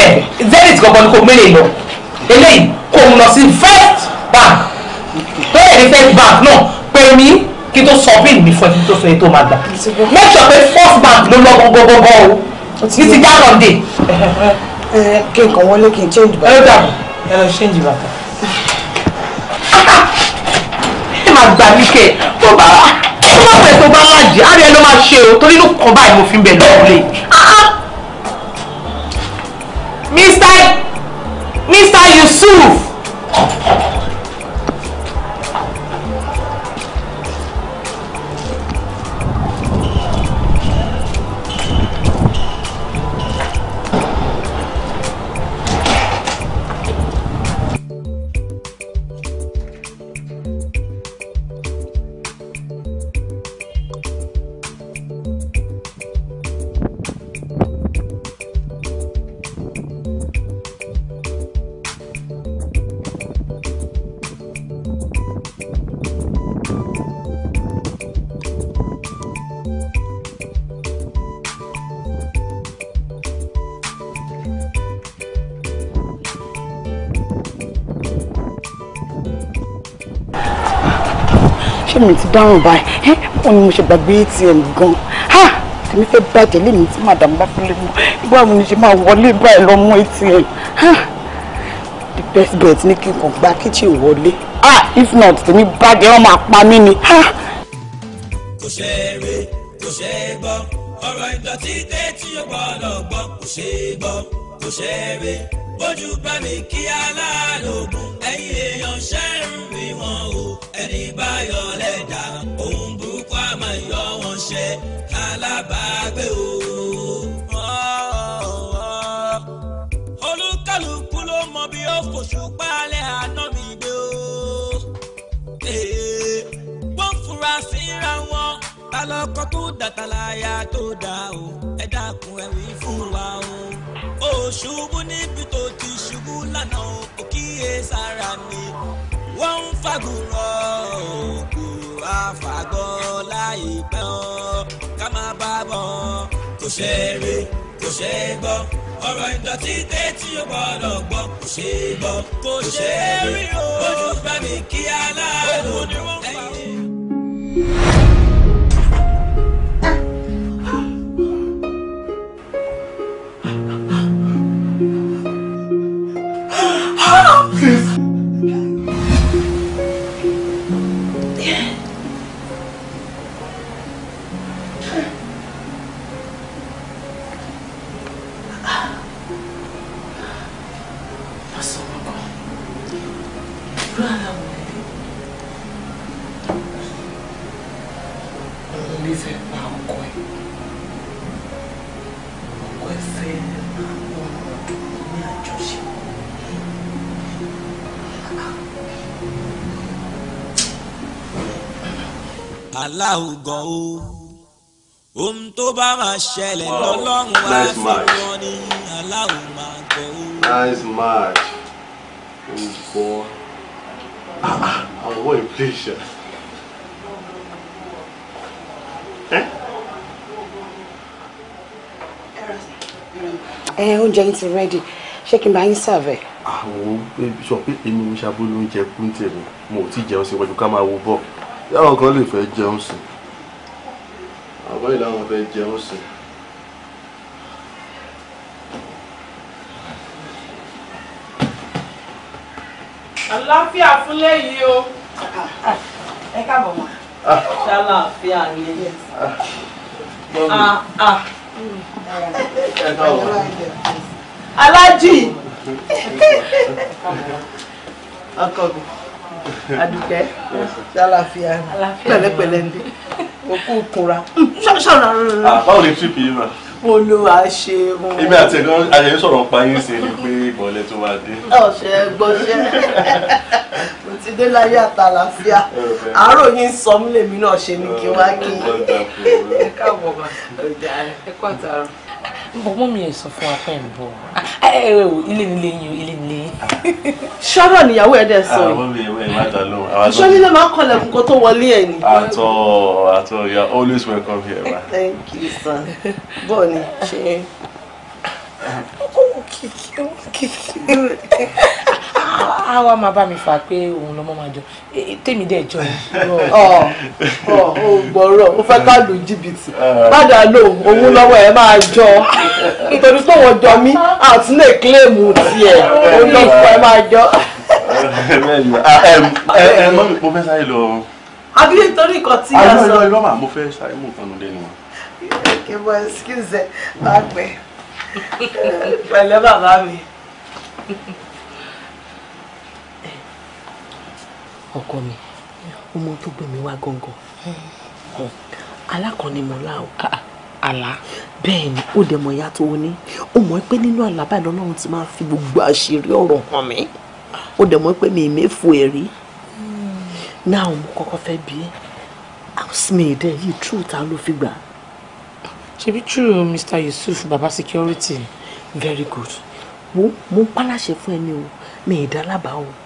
zenith gbọgbọ ni kò mẹ́lẹ̀ lọ eléyìí kò ń lọ sí first bank bẹ́ẹ̀ ni first bank náà pè mí kí tó sọ pin mi fún ẹ kí tó sọ yẹ tó máa gbà make sure pé first bank ló lọ gbọgbọgbọ o ní ti jáde ọ̀dẹ. kí n kàn wọlé kí n change bàtà. ẹ lọ dàbọ̀ ẹ lọ change bàtà. Ah, ah. ẹ máa gbà mí kẹ́ tó bá tó bá wẹ̀ tó bá lájì á rí ẹ ló máa ṣe o torí inú kan báyìí mo fi ń bẹ̀ lọ́wọ́lẹ̀. Ah, ah. Mr. Mr. Yusuf. ṣé mi ti dáhùn báyìí wọn ni mo ṣe gbàgbé atm gan ha tèmi fẹ́ bàjẹ́ lèmi tí madam bá fi lè mú ìgbà wo ni ṣe máa wọlé báyìí lọ mú atm ha the best bet ni kí n kàn gba kíchìn wọlé ah if not tèmi bàjẹ́ wọn máa pa mí ni ha. kò ṣe é rè kò ṣe é bọ́ ọ̀rọ̀ ìdọ̀tí tẹ́ tí yóò gbọ́dọ̀ gbọ́ kò ṣe é bọ́ kò ṣe é rè bójú bá mi kí aláàlógún ẹ̀yin èèyàn ṣẹ́rù mi wọn o ẹni bá yọ lẹ́dà ohun burúkú àmọ́ yọ wọn ṣe alábàágbé o. olúkálùkù ló mọ bí ó fòṣù pálẹ̀ àná mi gbé o. wọ́n fura síra wọn alọ́kọ tó dàtàláyà tó dà o ẹ dákun ẹ wí fún wa o. ó ṣubú níbi tó ti ṣubú lánàá o kò kíyè sára mi wọ́n ń fagùnrọ̀ òkú àfàgbọ́ láìpẹ́ ọ́ ká má bá bọ̀ kò ṣe é rí kò ṣe é gbọ́ ọ̀rọ̀ ìdọ̀tí tẹ́ tí o gbọ́dọ̀ gbọ́ kò ṣe é gbọ́ kò ṣe é rí o ojú gbà mí kí aláàánú ẹ̀yìn. aláwo gan o ohun tó bá máa ṣẹlẹ̀ lọ́lọ́run wá fún wọn ní aláwo máa gan o. nice match oh boy ah ah àwọn ọmọ ìpínlẹ̀ ìṣẹ̀. ẹ oúnjẹ yín ti rẹ́dì ṣé kí n bá yín sàbẹ̀. Ah, àwọn sọ pé èmi ń ṣàbọ̀ lóúnjẹ kúńtẹ̀ mi mo ò tí jẹun síwájú ká máa wo bọ́ọ̀ yàwọn kan lè fẹ́ jẹun sí àbọ̀ yìí làwọn fẹ́ jẹun sí. àláfíà fúnlé yìí o. ẹ káàbọ̀ mọ́. Ah. ṣàlàáfíà ni ẹ. Ah. Ah, ẹ káàbọ̀. alájì. akọ̀gùn. Adúkẹ́ ṣàlàfíà pẹ̀lẹ́pẹ̀lẹ́ ndé okú kunra ṣàṣàrà. báwo ni trip yìí mà. olúwa ṣeun. ibi àti ẹ̀gbọ́n ayẹyẹ sọ̀rọ̀ pa yín ṣe ni pé ìbọ̀lẹ̀ tó máa dé. ọ̀sẹ̀ gbọ́sẹ̀ mo ti dé láyé àtàlàfíà àárò yín sọ mí lèmi náà ṣe ni kí wá kí. ẹ káàbọ̀ bá ẹ kọ́ àtàrà bọ̀ mọ́ mi ẹ̀ sọ fún wa pé ń bọ̀ ẹ ẹ o ilé nílé yín o ilé nílé yín. ṣọ́rọ̀ níyàwó ẹ̀ dẹ̀ sọ yìí. Ah, àwọn mi ìwé ìwé àdá lóhùn. iṣẹ́ nílé máa ń kọlẹ̀ kó tó wọlé ẹ̀ ni. at all at all you are always welcome here ma. thank you sir bọ́ọ̀ ni ṣe. á ah, wá máa bá mi fà pé òun lọmọ máa jọ e, e, tèmi dẹ̀ jọ ọ ọ ò gbọ́rọ̀ ó fẹ́ ká lu jìbìtì padà ah. lò òun lọ́wọ́ ẹ̀ máa jọ nítorí pé wọ́n jọ mí àti lè kílèmù tiẹ̀ òun lọ́wọ́ ẹ̀ máa jọ. Ah, mọ mi mo fẹ́ sáré lọ. àbí nítorí nǹkan tí a sọ. àwọn ìlú ọmọ àmọ́ fẹ́ sáré mú nǹkan nù dé ni wọn. kí mo excuse ẹ máa pẹ́ pẹ̀lẹ́ bàbá mi. ọkọ mi ọmọ tó gbé mi wá gangan alákan ni mo lá o ah, ah, àlá bẹ́ẹ̀ ni ó dẹ̀ mọ̀ ìyá tó ní ó mọ̀ pé nínú àlá báyìí lọ́lọ́run ti máa fi gbogbo àṣírí ọ̀rọ̀ hàn mí ó dẹ̀ mọ̀ pé mi ì méfò ẹ̀rí náà mo kọ́kọ́ fẹ́ bí ẹ́ housemaid yìí true ta ló fi gbà. ṣebí true Mr. Yusuf baba security very good mo mo ń pálàṣẹ fún ẹni o mi ì dá lábàá o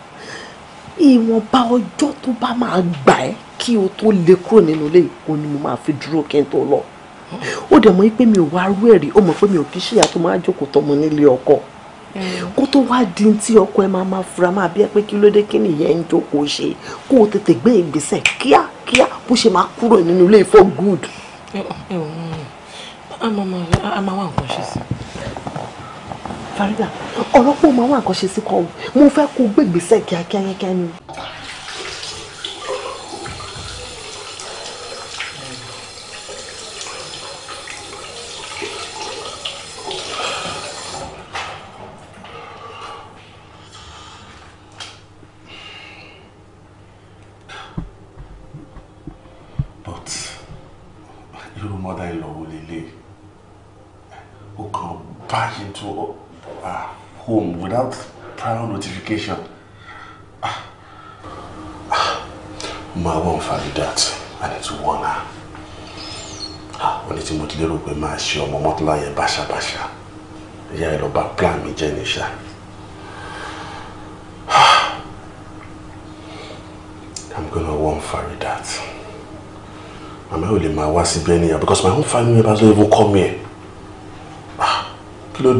ìwọ̀nba ọjọ́ tó bá máa gbà ẹ́ kí o tó lè kúrò nínú ilé ìkó ni mo máa fi dúró kí n tó lọ ó dẹ̀ mọ̀ pé mi ò wá rú ẹ̀rí ó mọ̀ pé mi ò kí ṣèyà tó máa jókòó tọmọ nílé ọkọ mm. kó tó wá di tí ọkọ ẹ máa máa fura máa bí ẹ pé kí ló dé kí nìyẹn ń jókòó ṣe kó o tètè gbé ìgbésẹ̀ kíákíá bó ṣe máa kúrò nínú ilé for good. ẹ ẹ ẹ wọn a máa wá nǹkan ṣe sí i. Farida ọ̀rọ̀ pé o máa wá nǹkan ṣe sí kọ́ o mo fẹ́ kó gbègbèsẹ̀ kíákíá yẹn kíá without prior notification. Ma won't value that and it's won her. Ah, wọ́n ní tí mo my lérò pé máa ṣe basha basha. Yeah, báṣabáṣa. back plan mi jẹ́ ah. I'm gonna warn Faridat. that. I'm lè my wá síbẹ̀ níyà because my own family members don't even come here. Ah. Kí ló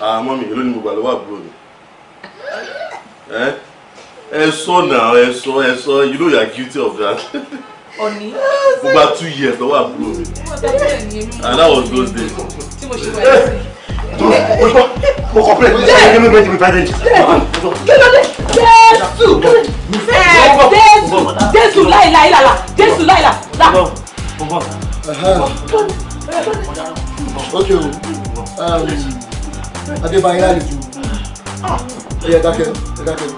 àmọ́ ah, mi you know you guilty of that ọ̀ní. two years lọ́wọ́ àbúrò mi. and that was those days. jésù jésù jésù láìláìlà jésù ok o um, adébáyé àlejò ẹyẹ dákẹ́ ẹ dákẹ́.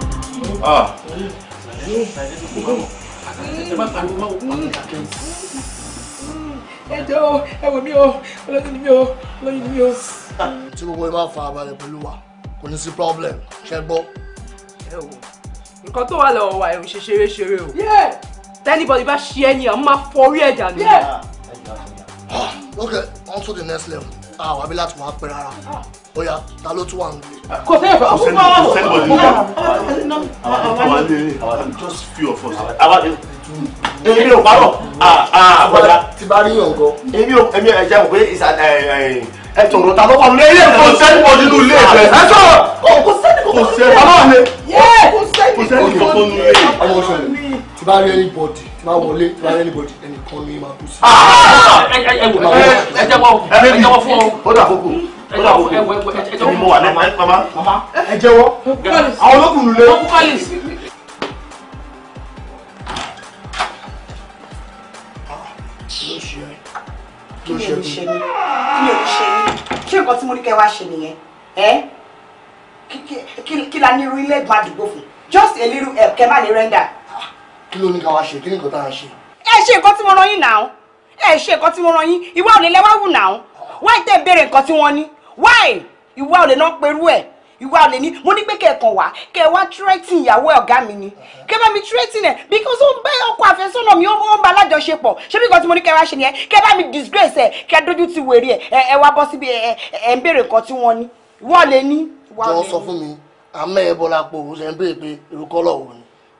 Ah. ẹ jẹ́ o ẹ wò mí o olóyún ni mí o olóyún ni mí o. tí gbogbo ẹ máa fa abalẹ̀ pẹ̀lú wa kò ní sí problem ṣe gbọ́. ẹ wò nǹkan tó wà lọ́wọ́ wa ẹ̀ ń ṣe ṣeré ṣeré o. tẹ́lifọ̀dì bá ṣe ẹ ní àwọn máa fọ orí ẹ̀ dànù okay on to the next level ah be to Oh yeah, one. just few of us. Ah, ah, wàá bí láti wàá pẹ́ rárá ó yá ta ló tún wà nílé. kò sẹ́yìn fún ọkùnrin wa kò sẹ́yìn fún ọkùnrin wa àwa ni àwa ni just few of us àwa ni èmi ò parọ́ àbọ̀dá. ti bá rí yàn gan. èmi ò èmi ẹ̀ jẹ́ pé ìsà ẹ tọrọ ta lọ́wọ́ mi. ilé kò sẹ́ni kò nínú ilé ìfẹ́. ẹ sọ̀rọ̀ kò sẹ́ni kò nínú ilé ìfẹ́. kò sẹ́ni kò nínú ilé ìfẹ́ bá rí anybody tí bá wọlé tí bá rí anybody ẹnìkan ní máa kú sí. Ah! ẹ jẹ́ wọ́n ẹ jẹ́ wọ́n fún ọ. ó dà kókó ó dà kókó ẹ jẹ́ wọ́n mọ̀ wà lẹ́nu mama ẹ jẹ́ wọ́n àwọn olókùnrin lé. kí ni òun ṣe ní kí ni òun ṣe ní ṣé nǹkan tí mo ní kẹ́ wá ṣe nìyẹn ẹ kí la ní irú ilé ìgbọ́n àdúgbò fún just a little help kẹ́ má ní render kí ló ní ká wá ṣe kí ni nǹkan tá a ṣe. ẹ ṣe nǹkan tí mo rán yín náà ẹ ṣe nǹkan tí mo rán yín ìwà òde lẹ́wà wù náà wáì tẹ́ béèrè nǹkan tí wọ́n ní wáì ìwà òde náà perú ẹ̀ ìwà òde ní mo ní pé kẹ̀kan wá kẹ̀ wá tírẹ́tìn ìyàwó ọ̀gá mi ni kẹ́ bá mi tírẹ́tìn ẹ̀ because ó ń bẹ́ ọkọ àfẹ́sọ́nà mi ó ń ba alájọṣepọ̀ ṣé bí nǹkan tí mo ní mi disgrace ẹ̀ kẹ́ dojú ti wèrè ẹ̀ ẹ̀ wá bọ́ síbi ẹ̀ ẹ̀ ń béèrè nǹkan tí wọ́n ní ìwà òde ní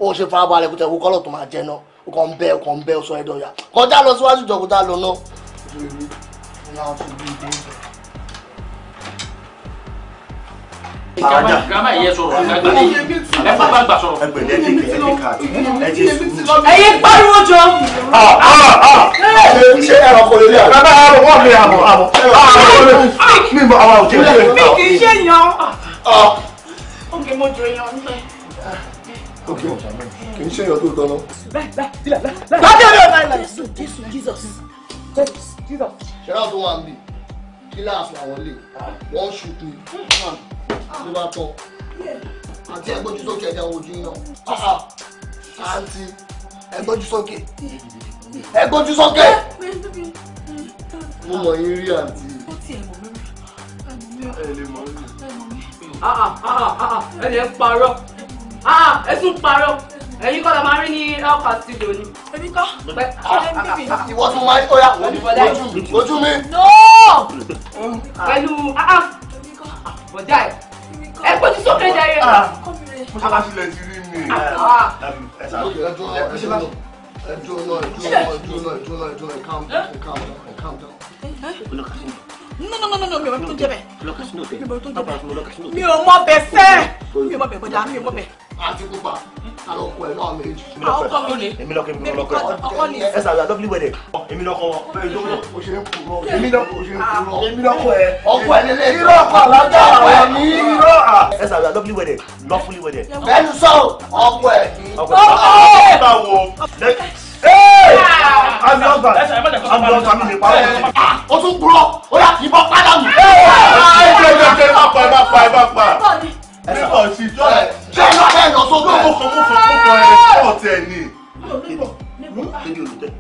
ó ṣe farabalẹ̀ kúta ìwú kọ́lọ̀ tó máa jẹ náà ó kàn ń bẹ́ ó kàn ń bẹ́ ó sọ ẹ́ dọ̀yà kọjá lọ síwájú ìjọ lọ náà. gama yẹ sọ̀rọ̀ àgbà yìí ẹ fún bá gbà sọ̀rọ̀. ẹgbẹ̀rún ẹjẹ kìí ẹjẹ káàdì ẹjẹ sùúrù. ẹyẹ pariwo jọ. ṣé ẹ̀rọ kò lè lé àná. bàbá àrùn wọn lè àmọ́ àmọ́ ah, ah. mi mọ àwọn òjò. mi kì í ṣe yan. ọkẹ́ ah. mo jọ yan nígbà yìí ok kì í ṣe èèyàn tó tọ́nà. jésù jésù jesus jesus. Jesus, Jesus, ṣẹlá tó wà níbí kíláàsì làwọn lè wọn ṣùtù ló bá tọ àti ẹgbẹ́jú sókè ẹ̀dá ojú yín náà ah, ah. àǹtí ẹgbẹ́jú sókè ẹgbẹ́jú sókè mo mọ̀ yín rí àǹtí. ẹ lè mọ̀ ọ́ ní. ẹni ẹ parọ́ ah ẹ̀sùn parọ́ ẹ̀yin kọ́ la máa rí ní alpha studio ni. èmi kọ́ ṣé ní bíbí. Ah, ah, ah, ìwọ tún máa ó yà ojú ojú mi. pẹ̀lú bọ̀dá ẹ̀ ẹ pẹ̀lú sókè jẹrẹ. mo sábà tilẹ̀ ti rí mi. ẹ dúró náà ẹ dúró náà ẹ dúró náà ẹ dúró náà ẹ calm down ẹ calm down ẹ calm down no no no no no mi ò mọ tó jẹ bẹ́ẹ̀ mi ò tó jẹ bẹ́ẹ̀ mi ò mọ bẹ́ẹ̀ fẹ́ mi ò mọ bẹ́ẹ̀ bọjá mi ò mọ bẹ́ẹ̀. àti pupa àwọn ọkọ ẹ náà méjì. àwọn ah, ọkọ mi lè èmi lọkọ èmi lọkọ ọkọ ni ẹ sàrò àdọ́bìlì wẹ̀dẹ̀. èmi lọkọ bẹ́ẹ̀ lọkọ òṣèré kùrọ̀ èmi lọkọ òṣèré kùrọ̀ èmi lọkọ ẹ ọkọ ẹ lélẹ̀ irọ́ ọkọ alájà ọ̀rọ̀ mi irọ́ à. ẹ sàrò àdọ́bìlì wẹ̀dẹ̀ lọ́fúlì wẹ̀dẹ̀. bẹ́ẹ̀ni sọ ọkọ ẹ ni. ọkọ ẹ ni àmì ọgbà àmì ọgbà mi lè pa ọ́. o tún kúrò ó yà kí bọ́ padà mi. ẹ ẹ jẹ jẹ jẹ má pa ẹ má pa ẹ má pa. ẹ bọ̀ sí ìjọ ẹ. bẹ́ẹ̀ lọ bẹ́ẹ̀ lọ sọ́dọ̀. mo kàn mo kàn mo kàn ẹ ẹ̀ skọ́ọ̀tì ẹ̀ ni.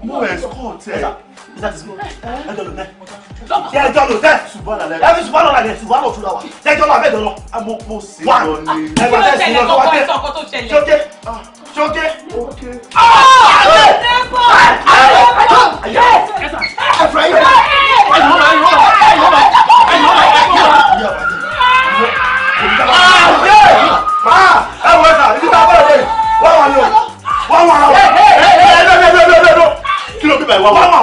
mo ẹ̀ skọ́ọ̀tì ẹ̀ ẹ jọ lọ sẹ ẹ fi subahana lẹ subahana oṣù la wa ẹ jọ lọ abẹ jọ lọ. amọ mo se lọ ni. ẹ bá tẹ sinmi lọ wájú ẹ ṣókè ṣókè. ẹ wọ ẹ sà ibi tá a bọ̀ ọ́ dé wọ́n wà lọ wọ́n wà lọ kí ló bí bẹ̀ wọ́n wà.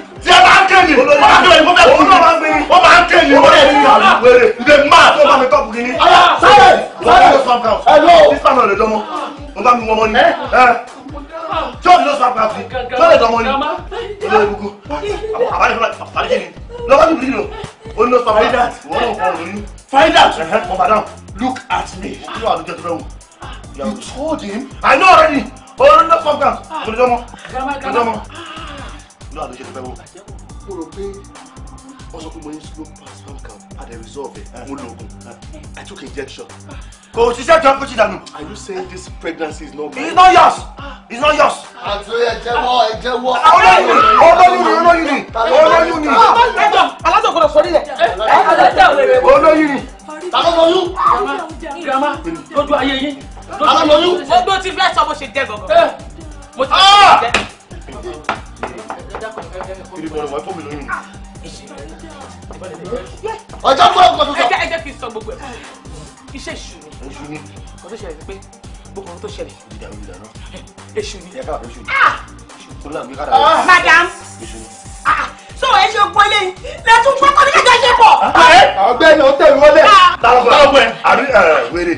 kéènì máa dọ̀ yìí mo fẹ́ kú ni ó máa ń kéènì ó yẹ ní ìyàwó wẹ̀rẹ̀ ǹdẹ̀ máa tó bá mi tọ́ kù kìíní. ọ̀la sáré sáré ẹ̀lọ́ sísá náà lè dánmọ́ mo bá mi wọ́n mọ́ ni tí o nílò sábà fi tí o lè dánmọ́ ni ìlú egungun àbálẹ̀ fúnra àbálẹ̀ kìíní lọ́wọ́ ní bìrì lò o nílò sábà find out wọ́n náà kọ́ ọ̀run ní find out ẹ̀hẹ́ ọ̀bàdàn look at me kí wàá lójú ẹ̀dúrà wò. you told him I know already o nílò sábà fi tí o lè dánmọ́ tí o lè dánmọ́ mo rò pé wọ́n sọ pé mo ní slow pass farm camp padà resolve ẹ̀ mo lo oògùn I took injection. kò ṣiṣẹ́ jọ kó dànù. are you saying this pregnancy is not mine. it's not yours it's not yours. àti ẹ̀jẹ̀wọ́ ẹ̀jẹ̀wọ́. olóyún olóyún ni olóyún ni olóyún ni. alájọ kò lọ sọ nílẹ̀ olóyún ni. tàlọ́lọ́yún. girama lójú ayé yín. tàlọ́lọ́yún. ó ti fẹ́ sọ bó ṣe jẹ gọ̀gọ̀. mo ti fẹ́ sọ bó ṣe jẹ ọjọ́ gbọ́ ọkọ̀ tó sọ. ẹ jẹ́ kí n sọ gbogbo ẹ̀ iṣẹ́ ìṣù ni ìṣù ni kò tó ṣẹlẹ̀ sí pé gbogbo tó ṣẹlẹ̀. ìdàrú ìdàrú. èṣù ni. ìyá káàdó ah! èṣù ni. èṣù ni àmì ah! káàdó. madam. èṣù ni. Ah! so ẹ ṣe gbọ́ ilé lẹ́tún gbọ́kọ́ ní kẹ́kẹ́ ṣe pọ̀. ọgbẹ́ni ó tẹ̀wé wọlé. tàbí ọgbẹ́ àrí wẹ́rẹ́.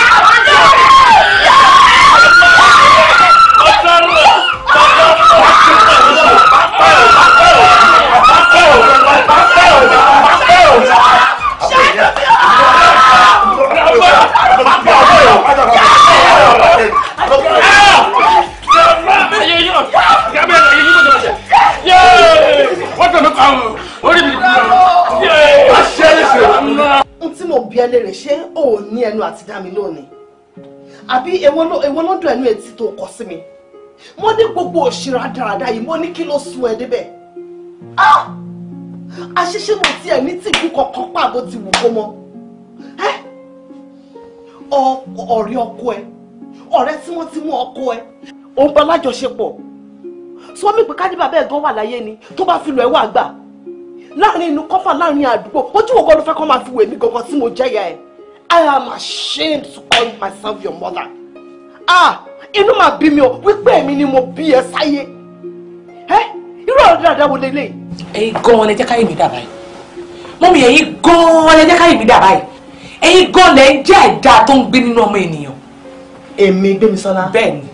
n tí mo bí ẹ léèrè ṣé ò ní ẹnu àti dá mi lónìí àbí èwo ló dùn ẹnu etí tó kọ sí mi mo ní gbogbo òṣìra dáradá yìí mo ní kí ló sún ẹ débẹ̀ àṣìṣe mo tiẹ̀ ní tìjú kankan pàgó ti wù kó mọ́ ẹ́ ọ̀rẹ́ ọkọ ẹ ọ̀rẹ́ tímọ́tímọ́ ọkọ ẹ ò ń bá So sọ mí pé kádìbà bẹ́ẹ̀ gan wà láyé ni tó bá fi lọ ẹwà gbà láàrin inú kọfà láàrin àdúgbò ojú wo gan fẹ́ kọ́ máa fi wèmí gangan tí mo I am ashamed to call myself your mother ah inú máa bí mi o wípé èmi ni mo bí ẹ sáyé ẹ irú ọ̀rọ̀ dáadáa wo lélẹ́yìí. ẹ̀yin gan-an lẹ jẹ́ mi dà báyìí mọ́mí ẹ̀yin gan-an lẹ jẹ́ mi dà báyìí. ẹ̀yin gan lẹ ń jẹ́ àìdáa tó ń gbé nínú ọmọ ènìyàn. èmi Gbémisọ́lá. bẹ́ẹ̀ ni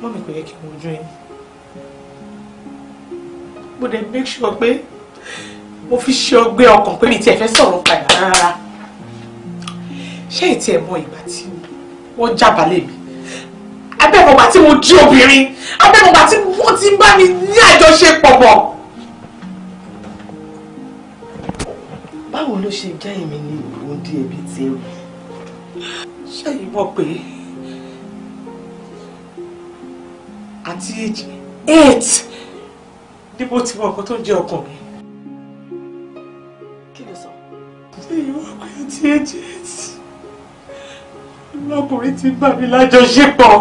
mọ́ mi kò yẹ kí n wojú ẹni mo dẹ̀ make sure pé mo fi ṣe ọgbẹ́ ọkàn pé mi tiẹ̀ fẹ́ sọ̀rọ̀ padà rárá ṣé ìtì ẹ̀ mọ ìgbà tí wọ́n jábàálẹ̀ mi abẹ́mọ̀gbà tí mo jí obìnrin abẹ́mọ̀gbà tí wọ́n ti bá mi ní àjọṣepọ̀ bọ̀. ló ṣe jẹ́ èmi ní òǹdí ẹbí ti ẹrù ṣé ìwọ pé àti èjì eight ni mo ti mọ ọkọ tó ń jẹ ọkàn mi. kí ló sọ. ṣé ìwọ pé àti èjì eight lọkùnrin ti bá mi lájọṣepọ̀.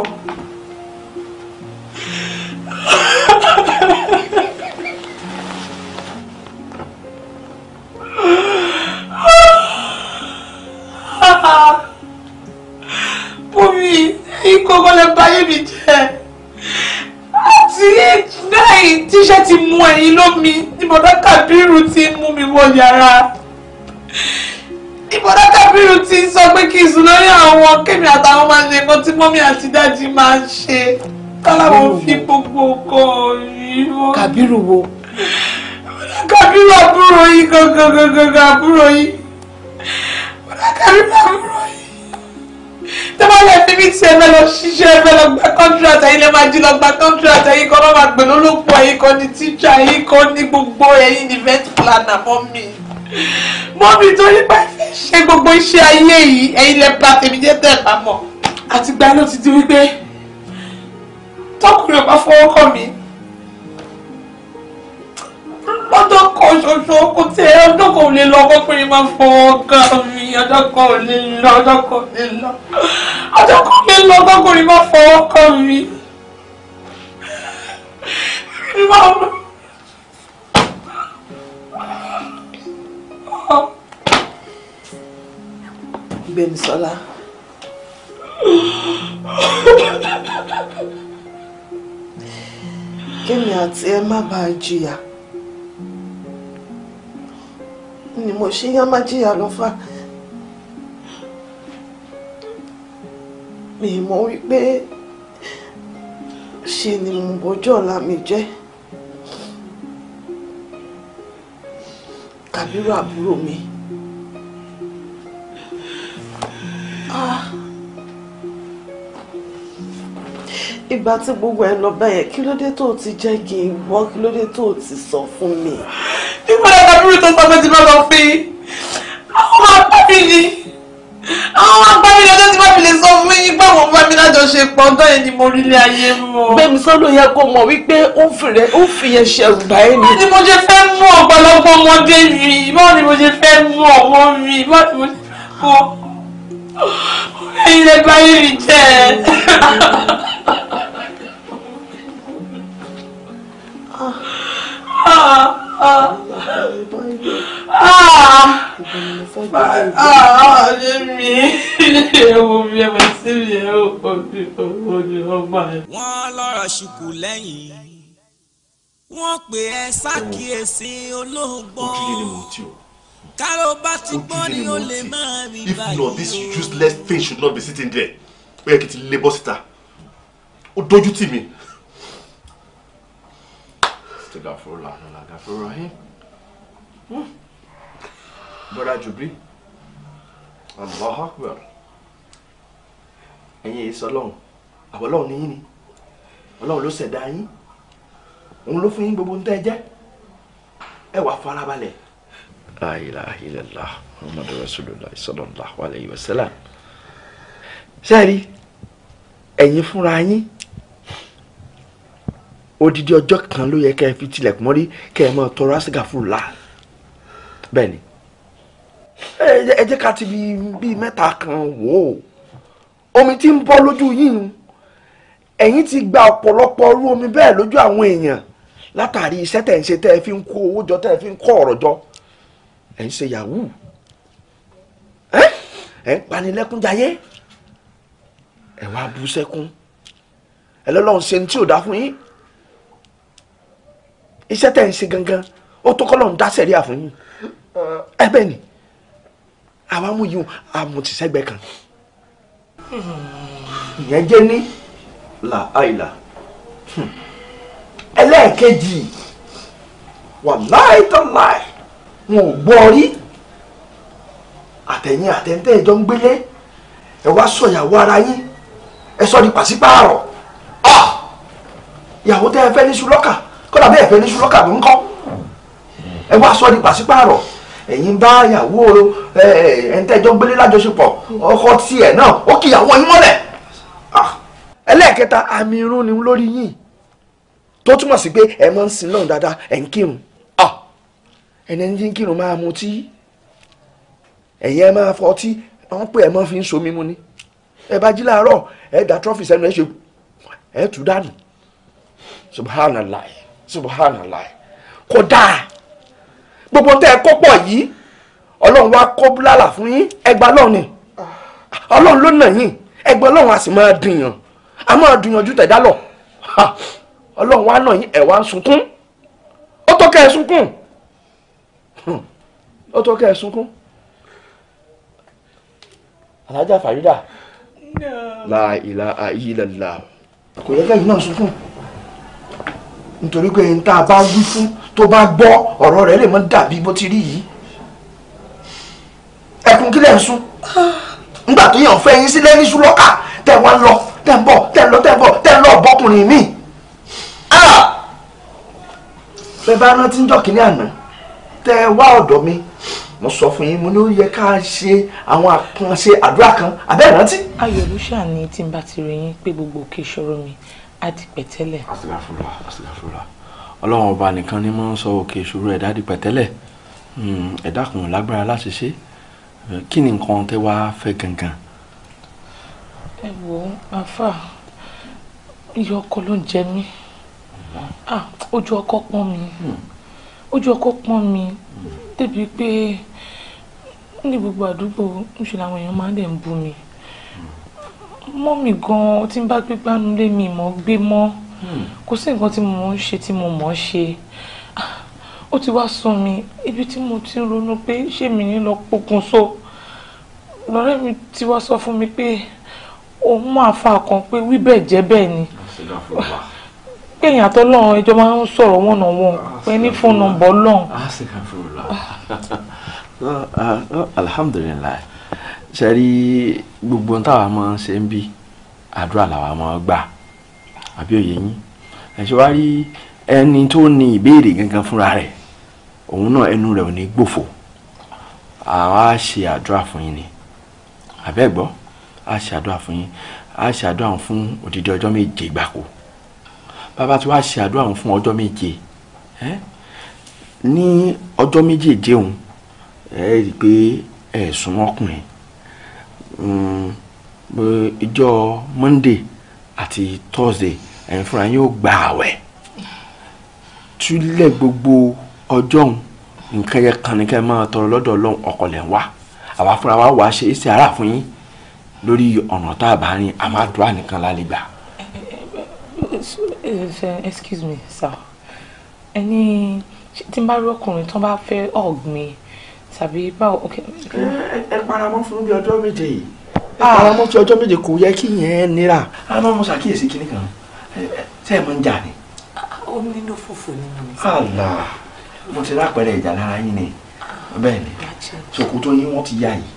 tíṣẹ́ ti mú ẹyin lómi tí kábírù ti mú mi wọ yàrá ìbọ̀dá kábírù ti sọ pé kí n sùn lórí àwọn kémi àtàwọn máa ń ṣe nǹkan tí mọ́mí àti dájí máa ń ṣe káláwọn fi gbogbo nǹkan yìí kábírù wo. kábírù àbúrò yìí gangan gangan àbúrò yìí. kábírù àbúrò yìí tẹ́wọ́lẹ̀ fi mí tiẹ̀ lọ lọ ṣiṣẹ́ ẹ fẹ́ lọ gba contract ẹ̀yin lẹ́ máa jí lọ gba contract ẹ̀yin kan lọ́ máa gbè lólópo ẹ̀yin kan ní tíjà ẹ̀yin kan ní gbogbo ẹ̀yin ní event planner fún mi. mọ́mí torí pé ṣe gbogbo iṣẹ́ ayé yìí ẹ̀yin lẹ́ bá tèmi jẹ́ tẹ̀ bá mọ̀ àtìgbà ló ti di wípé tọkùnrin ò bá fọwọ́ kàn mí ọjọ́ kan ṣoṣo kò tí ẹ ọjọ́ kan ò lè lọ ọkọ pé máa fọwọ́ kan mi ọjọ́ kan ò lè lọ ọjọ́ kan ò lè lọ ọjọ́ kan ò lè lọ ọkọ pé máa fọwọ́ kan mi. Gbemisola. Kémi àti ẹ má bàa jìyà. ni mo ṣe yán má jìyà lọ́fà mi mọ̀ wípé ṣe ni mo bójú ọ̀la mi jẹ́ Kàbírù àbúrò mi ah. ìgbà tí gbogbo ẹ lọ bẹ́yẹn kí ló dé tó o ti jẹ́ kí n gbọ́ kí ló dé tó ti sọ fún mi tí mo lè dàbí rí tó sọ pé ti bá lọ pé àwọn máa bá mi ni àwọn máa bá mi ni ọjọ́ tí bá mi lè sọ fún yín pé àwọn bá mi lájọṣepọ̀ ọjọ́ yẹn ni mo rí ilé ayé mọ́. gbẹ̀mí sọ́dọ̀ yẹ kó mọ̀ wípé ó fi yẹn ṣẹ̀rù bá ẹ̀ ni. báwo ni mo ṣe fẹ́ mú ọ̀pọ̀lọpọ̀ ọmọdé mi báwo ni mo ṣe Ah. Ààrẹ mi ewu mi ẹ̀mẹ̀ sí mi ẹ̀wọ̀ ni ọba ẹ̀. Wọ́n lọ́rọ̀ ṣùkú lẹ́yìn. Wọ́n pè ẹ ṣàkíyèsí olóògbọ́n. Ojúlé ni mo ti o. Káró bá ti gbọ́ ni o lè máa rí báyìí. If not, this useless thing should not be sitting there. Ó yẹ kí n ti lé bọ́ síta. Ó dojú tì mí. Stay down for a while. Àfọ̀rọ̀hín. Hmm. Bọ́dà Jùbí. Allahu Akbar. Ẹ̀yin èyí sọ Ọlọ́run. Àwọn Ọlọ́run níyìn ni. Ọlọ́run ló ṣẹ̀dá yín. Òun ló fún yín gbogbo ń tẹ́ jẹ́. Ẹ wà farabalẹ̀. La ilaha illallah Muhammadu Rasulullah sallallahu alayhi wa sallam. Ṣé ẹ rí ẹ̀yin fúnra odidi ọjọ́ kan ló yẹ kẹ́ ẹ fi tilẹ̀kùn mọ́rí kẹ́ ẹ máa tọrọ àṣìkà fún la bẹ́ẹ̀ ni ẹ jẹ́ ká ti bi bíi mẹ́ta kan wò ó omi tí ń bọ́ lójú yín ẹ̀yin ti gba ọ̀pọ̀lọpọ̀ irú omi bẹ́ẹ̀ lójú àwọn èèyàn látàrí iṣẹ́ tẹ̀ ń ṣe tẹ́ ẹ fi ń kó owó jọ tẹ́ ẹ fi ń kó ọ̀rọ̀ jọ ẹ̀ ń ṣe yahoo ẹ̀ ń panilẹ́kúnjayé ẹ̀ wá bú sẹ́kún ẹ̀ lọ́lọ́run ṣe ní tí ò dá fún yín iṣẹ́ tẹ̀ ń ṣe gangan ó tó kọ́lọ̀ ń dá sẹ̀ríà fún yín ẹ bẹ́ẹ̀ ni àwa mú yìí àmùtìsẹ́gbẹ́ kan ìyẹn jẹ́ ní là àìlà hmm. ẹlẹ́ẹ̀kejì wà láì tán láì wọn ò gbọ́ rí àtẹ̀yìn àtẹ̀ntẹ̀ ìjọ ń gbélé ẹ wá sọ ìyàwó ara yín ẹ sọ di pàṣípààrọ̀ ah! ìyàwó tẹ́ ẹ fẹ́ ní ṣùlọ́kà kódà bẹ́ẹ̀ fẹ́ ní ṣúlọ́kà ló ń kọ́ ẹ wá sọ di pàṣípààrọ̀ ẹ̀yin bá yàwó ẹ̀ńtẹ́jọ́ gbélé lájọṣepọ̀ ọkọ tiẹ̀ náà ó kì yàwó yín mọ́lẹ̀ ah. ẹlẹ́ẹ̀kẹta àmì irun ni lórí yín tó túmọ̀ sí pé ẹ máa ń sin náà dáadáa ẹ̀ ń kírun ẹni ah. ẹni tí ń kírun máa mutí ẹ̀yin ẹ máa fọtí wọ́n pè ẹ máa fi ń somi mu ni ẹ bá jí láàárọ̀ ẹ dá trọ́fì sẹ́nu ẹ ṣe ẹ tú dànù subhanallah subhanallah kò dáa gbogbo tẹ́ ẹ kó pọ̀ yìí ọlọ́run wá kó búlálà fún yín ẹgbàá lọ́run ni ọlọ́run ló nà yín ẹgbẹ́ ọlọ́run a sì máa dùnyàn a máa dùnyàn ju tẹ̀dá lọ ọlọ́run nà yín ẹ̀ ń sunkún ó tó kẹ́ ẹ sunkún hmm. ó tó kẹ́ ẹ sunkún alájà fàrídà la ilaha illallah kò yẹ kẹ́ náà sunkún nítorí pé n tá a bá wí fún tó bá gbọ́ ọ̀rọ̀ rẹ̀ lè mọ́ dàbí bó ti rí yìí ẹkùn kílẹ̀ ń sún nígbà tó yàn fẹ́ yín sílẹ̀ ní sùlọ́kà tẹ̀ wá lọ tẹ̀ ń bọ̀ tẹ̀ ń lọ tẹ̀ ń bọ̀ tẹ̀ ń lọ bọ́kùnrin mi. bẹ́ bá rántí ń jọ́ kínní àná tẹ́ ẹ wá ọ̀dọ̀ mi mo sọ fún yín mo ní ó yẹ ká ṣe àwọn àkànṣe àdúrà kan àbẹ́ ìrántí. ayọ̀ tí n bá ti rí yín pé gbogbo òkè ìṣòro mi adìpẹ̀tẹ́lẹ̀. àsìláfúrà àsìláfúrà ọlọ́run ọba nìkan ni máa ń sọ òkè ìṣòro ẹ̀dá adìpẹ̀tẹ́lẹ̀ hmm, ẹ̀dá kùn lágbára láti ṣe eh, kí ni nǹkan tẹ́ wá fẹ́ gangan. ẹ wo àáfà iye ọkọ ló ń jẹ mí ah, ojú ọkọ pọ́n mi hmm. ojú ọkọ pọ́n mi débi pé ní gbogbo àdúgbò ńṣe làwọn èèyàn máa ń dẹ̀ ń bú mi. Mm mọ́ mi gan-an tí n bá gbégbánu lé mi mọ́ gbé mọ́ hmm. kò sí nǹkan tí mo ń ṣe tí mo mọ̀ ṣe ó ti wá sún mi ibi tí mo ti ń ronú pé ṣé mi ní lọ pokùnso lọ́rẹ́ mi ti wá sọ fún mi pé òun máa fa kan pé wí bẹ́ẹ̀ jẹ́ bẹ́ẹ̀ ni kéèyàn àtọ́lọ́run ẹjọ́ máa ń sọ̀rọ̀ wọ̀nà wọn pé ní fóònù nọ́mbà Ọlọ́run. Uh, alhamdulilayi ṣe rí gbogbo ohun táwa máa ń ṣe ń bí àdúrà làwa máa gbà àbí òye yín ẹ̀ṣọ́ wá rí ẹni tó ní ìbéèrè gangan fúnra rẹ̀ òun náà ẹnu rẹ̀ ò ní gbòfò àwa ṣe àdúrà fún yín ni àbẹ́gbọ́ a ṣe àdúrà fún yín a ṣe àdúrà fún odidi ọjọ́ méje gbáko bàbá tí wàá ṣe àdúrà fún ọjọ́ méje ní ọjọ́ méjèèje òun ẹ rí i pé ẹ sún ọkùnrin Mm, eh, ìjọ monday àti thursday ẹ̀yin fúnra yóò gba àwẹ̀ túlẹ̀ gbogbo ọjọ́ nǹkan yẹn kan ní kẹ́ ẹ máa tọrọ lọ́dọ̀ ọlọ́run ọ̀kọ̀lẹ̀ ń wá àwa fúnra wa wàá ṣe iṣẹ́ ara fún yín lórí ọ̀nà tá a bá rìn àmọ́ nìkan la gbà. excuse me sir ẹni tí n bá rí ọkùnrin tó bá fẹ́ ọ̀gbìn tàbí báwo ok. ẹ paramọ́ fún bí ọjọ́ méje yìí ẹ ah. paramọ́ fún ọjọ́ méje kò yẹ kí yẹn nira. a máa mú ṣàkíyèsí kinní kan ṣe é mọ ń jà ni. Ah, ó nínú fòfò nínú mi. àlà mo ti rápẹrẹ ìjà lára yín ni ah. bẹ́ẹ̀ ni ṣòkòtò yín wọ́n ti yá yìí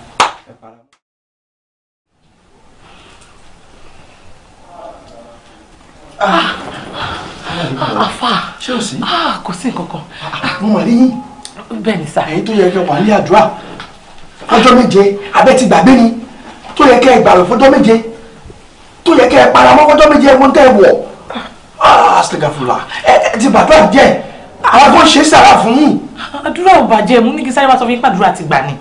àfà ah, ṣé o sí. Ah, kò sí nǹkan kan. Ah, mo mà rí yín. bẹ́ẹ̀ ni sà. èyí tó yẹ kí ọkọ̀ àlẹ́ àdúrà ọjọ́ méje abẹ́ ti gbàgbé ni tó yẹ kẹ́ ẹ gbàlọ́ fọjọ́ méje tó yẹ kẹ́ ẹ paramọ́ fọjọ́ méje ẹ mọ́tẹ́ wọ̀ astagafula ẹ ẹ ti bàtà jẹ àwọn kan ṣe sára fún un. àdúrà ò bàjẹ́ mú ní kí sáré wá sọ fún yín pàdúrà ti gbà ni.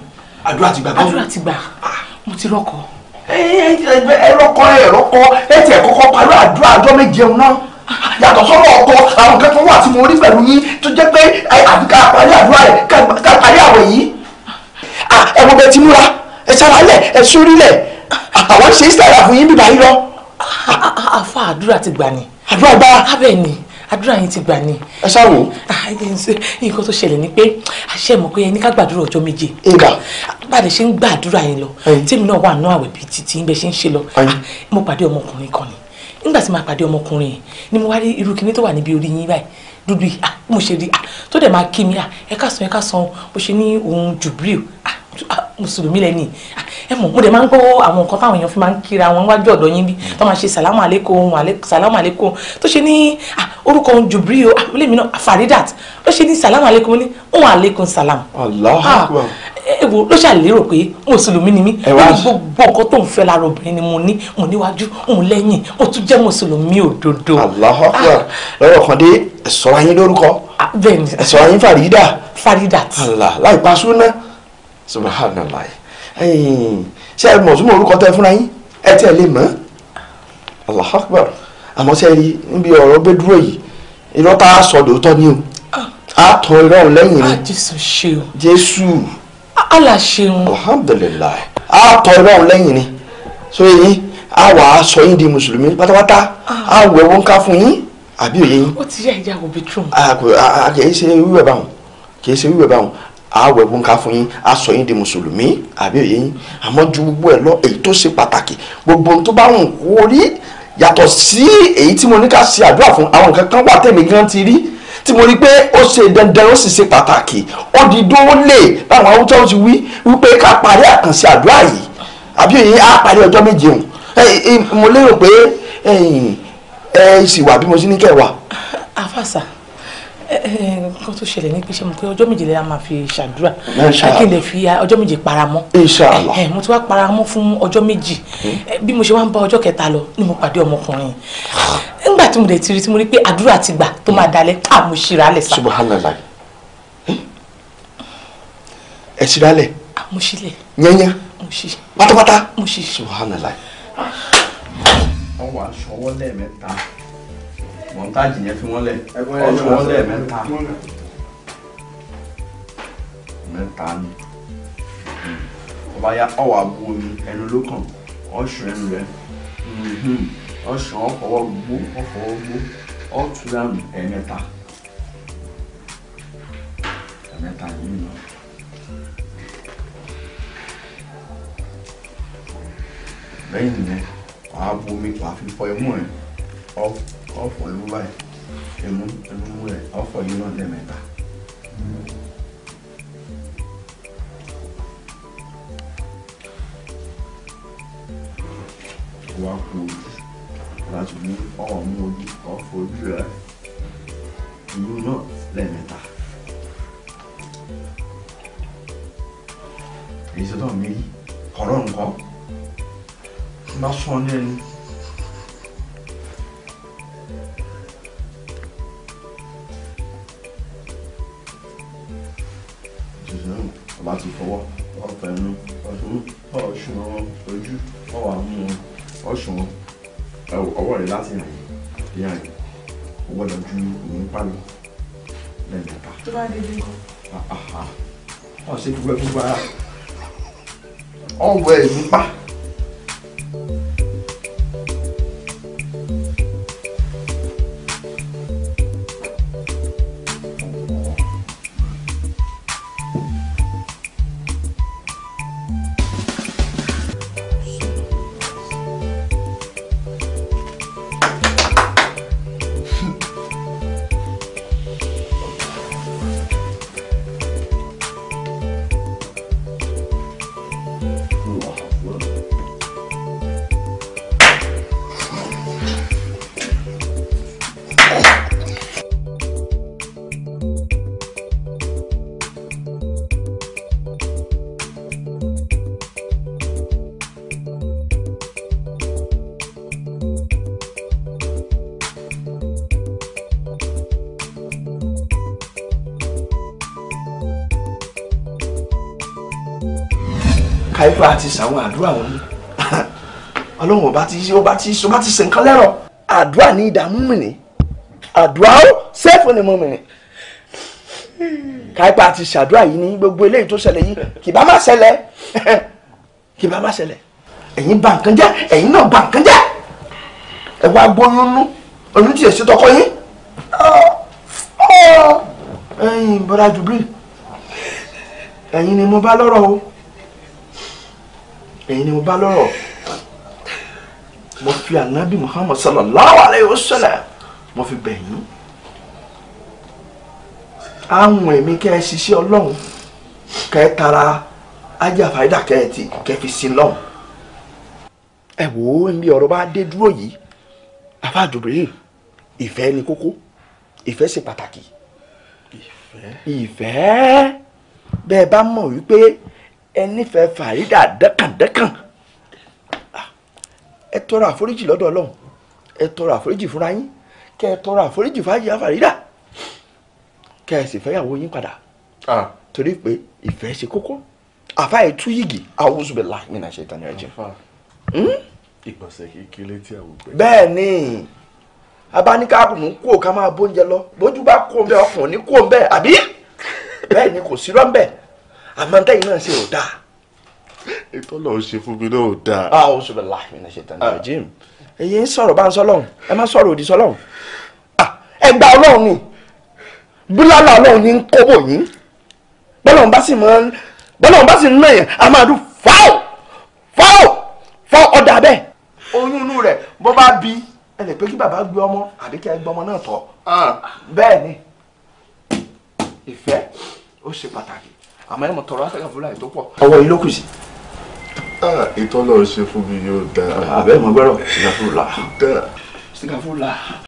àdúrà ti gbà báwo. àdúrà ti gbà mo ti rọkọ ẹ̀rọ kọ ẹ̀rọ kọ ẹ̀ tiẹ̀ kọ́kọ́ parí àdúrà àjọ méje náà yàtọ̀ sọ́rọ̀ ọ̀tọ̀ àwọn nǹkan tó wà tí mo rí pẹ̀lú yín tó jẹ́ pé àbí ká parí àdúrà rẹ̀ ká parí àwẹ̀ yìí ẹ̀wọ̀n bẹ ti múra ẹ̀ ṣàlàyé ẹ̀ sórílẹ̀ àwọn ṣe é sílẹ̀ àfọyín bíbá yín lọ. àfa àdúrà ti gbà ní. àdúrà gbà. abẹ́ ni àdúrà yín ti gbà ni. ẹ ṣáàwò. Ah, nǹkan tó ṣẹlẹ̀ ni pé àṣẹ mọ̀ pé ẹni ká gbàdúrà ọjọ́ méje. ìgbà. bàdé ṣe ń gbàdúrà yín lọ tèmi náà wà nù àwẹ̀ bíi títí ń bẹ ṣe ń ṣe lọ ah, mo pàdé ọmọkùnrin kan ni nígbà tí mo pàdé ọmọkùnrin yẹn ni mo wá rí irú kinní tó wà níbi orí yín báyìí dúdú yìí ah mo ṣe rí ah tó dẹ̀ máa kí mi ah ẹ ká san ẹ ká san bó ṣe ní òun Jubril ah, ah mùsùlùmí lẹ́ni ah, ẹ mọ̀ mo dẹ̀ máa ń gbọ́ àwọn nǹkan táwọn èèyàn fi máa ń kíra wọn wájú ọ̀dọ̀ yín bí tó máa ṣe sàlámù àlékún sàlámù àlékún tó ṣe ní ah, orúkọ òun Jubril o lèmi náà Faridat ó ṣe ní sàlámù àlékún ní òun àlékún sàlámù. Allahu ewo ló ṣàlérò pé mùsùlùmí ni mí gbogbo nǹkan tó ń fẹ́ lára obìnrin ni mo ní mo níwájú mo lẹ́yìn mo tún jẹ́ mùsùlùmí òdodo. Allahu ah. Akbar lọ́rọ̀ kan dé ẹ̀sọ́ ayé lórúkọ ah, ẹ̀sọ́ ayé Farida Farida ti. láì pa súná subhanallah ṣé ẹ mọ̀ súnmọ́ orúkọ tẹ fúnra yín ẹ tí ẹ lè mọ̀ Allahu Akbar àmọ́ ṣe rí níbi ọ̀rọ̀ gbé dúró yìí irọ́ tá a sọ lóòótọ́ ni o ah. a tọ irọ́ lẹ́yìn ni Jésù Allah ṣeun. alhamdulilayi a tọ Ọlọ́run lẹ́yìn ni so yìí a wà á sọ yín di mùsùlùmí pátápátá ah. a wẹ̀ wọ́n ká fún yín àbí òye yín. ó ti yá ìjà òbí tún. a kì í ṣe wíwẹ̀ báwọn kì í ṣe wíwẹ̀ báwọn a wẹ̀ wọ́n ká fún yín a sọ yín di mùsùlùmí àbí òye yín àmọ́ ju gbogbo ẹ̀ lọ èyí tó ṣe pàtàkì gbogbo ohun tó bá wùn kó rí yàtọ̀ sí èyí tí mo ní ká ṣe àdúrà fún àwọn nǹkan kan wà tèmi gan ti rí tí mo rí pé ó ṣe dandan ó sì ṣe pàtàkì ó di dúró lè báwọn awúsá ó ti wí wípé ká parí àkànṣe àdúrà yìí àbí òye á parí ọjọ́ méje òun mo lérò pé ẹ sì wà bí mo sí ní kẹwàá. àfàṣà nǹkan tó ṣẹlẹ̀ ní pé ṣe mọ̀ pé ọjọ́ méje la máa fi ṣàdúrà kí n lè fi ọjọ́ méje paramọ́ mo ti wá paramọ́ fún ọjọ́ méjì hmm. bí mo ṣe wá ń bá ọjọ́ kẹta lọ ni mo pàdé ọmọkùnrin tí mo dẹ̀ ti rí tí mo rí pé àdúrà ti gbà tó máa dalẹ̀ à mo ṣìra lẹ̀ sá. subhanallah hm? ẹ ṣìra lẹ̀. mo ṣì lẹ̀. yẹ́nyẹ́ pátápátá. mo ṣì. subhanallah. wọ́n wà sọ́wọ́ lẹ́ẹ̀mẹ́ta mọ̀ntájì yẹn fi wọ́n lẹ̀ ọ̀sùn wọ́n mẹ́ta ni hm. ọba ya ọwọ́ àbú omi ẹnu ló kàn ọ̀sùn ẹnu rẹ̀. Hm, ọsàn ọfọwọ gbó ọfọwọ gbó ọtura ẹ̀mẹ́ta ẹ̀mẹ́ta yìí nà. lẹ́yìn yẹn wàá bomi wàá fi fọ imú ẹ ọfọ imú báyìí imú imú rẹ ọfọ yìí náà lẹ́mẹ́ta. wàá kú ojú sì ní ọ̀ọ́nú ojú kan fojú rẹ̀ ìlú náà lẹ́ẹ̀mẹ́ta. èyí tó tàn kọ̀rọ̀ nǹkan bá sún ní ẹni. ṣe gbogbo ẹ̀ ara ọ̀wọ́ ẹ̀ bá a ti sàwọn àdúrà wọn ọlọ́run ọba ti ṣe ọba ti ṣe ọba ti ṣe nǹkan lẹ́rọ̀. àdúrà ní ìdààmú mi ni àdúrà ó sẹ́ẹ̀fù ni mo mi ni káyipá àti ṣàdúrà yìí ní gbogbo eléyìí tó ṣẹlẹ̀ yìí kì bá má ṣẹlẹ̀ kì bá má ṣẹlẹ̀ ẹ̀yin bà nǹkan jẹ́ ẹ̀yin náà bà nǹkan jẹ́ ẹ wá gbóyún nú oyún tí èsì tọkọ yín ẹ̀yin bọ́dà Jubril ẹ̀yin ni mo bá lọ́rọ̀ o ẹ̀yin ni mo bá lọ́rọ̀ mo fi ànábì Muhammad sallallahu alayhi wa sallam mo fi bẹ̀ yín àwọn èmi kẹ́ ẹ ṣiṣẹ́ ọlọ́run kẹ́ ẹ tara ajáfàídà kẹ́ ẹ ti kẹ́ ẹ fi sin lọ́hùn ẹ wò ó ọ̀rọ̀ bá dé dúró yìí àfa Jibril ìfẹ́ ni kókó ìfẹ́ ṣe pàtàkì ìfẹ́ bẹ́ẹ̀ bá mọ̀ wípé ẹ nífẹ̀ẹ́ fàrídà dẹ́kàndẹ́kàn ah, ẹ tọrọ àforíjì lọ́dọ̀ ọlọ́run ẹ tọrọ àforíjì fúnra yín kẹ ẹ tọrọ àforíjì fàájì fàrídà kẹ ẹ sì fẹ́yàwó yín padà torí pé ìfẹ́ ṣe kókó àfa ètú yìgì àwùsùbẹ̀là nínú àṣẹ ìtàn ìrẹ́jẹ. ìgbọ̀nsẹ̀ kékeré tí àwọn ògbẹ́. bẹ́ẹ̀ ni abánikáàbùnú kú ò ká máa bóúnjẹ lọ bójú bá kó ń bẹ ọkùnrin ní kó ń bẹ àbí bẹ́ẹ̀ ni kò sí rọ́ńbẹ́ àmọ́ tẹ́yìn náà ṣe ò dáa. ètò ọlọ́run ṣe fún mi náà ò dáa. a ah, ò sọ bẹ́ẹ̀ láàmì náà ṣe tán ní jim ah. ẹ̀yin ń sọ̀rọ̀ bá ń sọ lọ́hùn ẹ má sọ̀rọ̀ òdì sọ lọ́hùn ah. ẹ gba ọlọ́run ni búlálà ọlọ́run ni ń kóbò yín bọ́lọ́run bá sì mọ́ bọ́lọ́run bá sì ń náà yẹn a máa dún fáwọ̀ fáwọ̀ fọ́ ọ̀dà bẹ́ẹ̀ oyún inú rẹ̀ bọ́ bá bí ẹ lè pé kí bàbá gbé ọmọ àbí kí ẹ gbé ọmọ náà tọ́ bẹ́ẹ̀ ni ìfẹ́ ó ṣe pàtàkì àmọ́ ẹ̀ mọ̀ tọrọ àtẹ̀kàfúlà ètò pọ̀. ọwọ́ yìí ló kù sí. Ah, ètò ọlọ́run ṣe fún mi yóò dáa. àbẹ́ mọ̀ gbọ́rọ̀ sìgá fúlà. sìgá fúlà.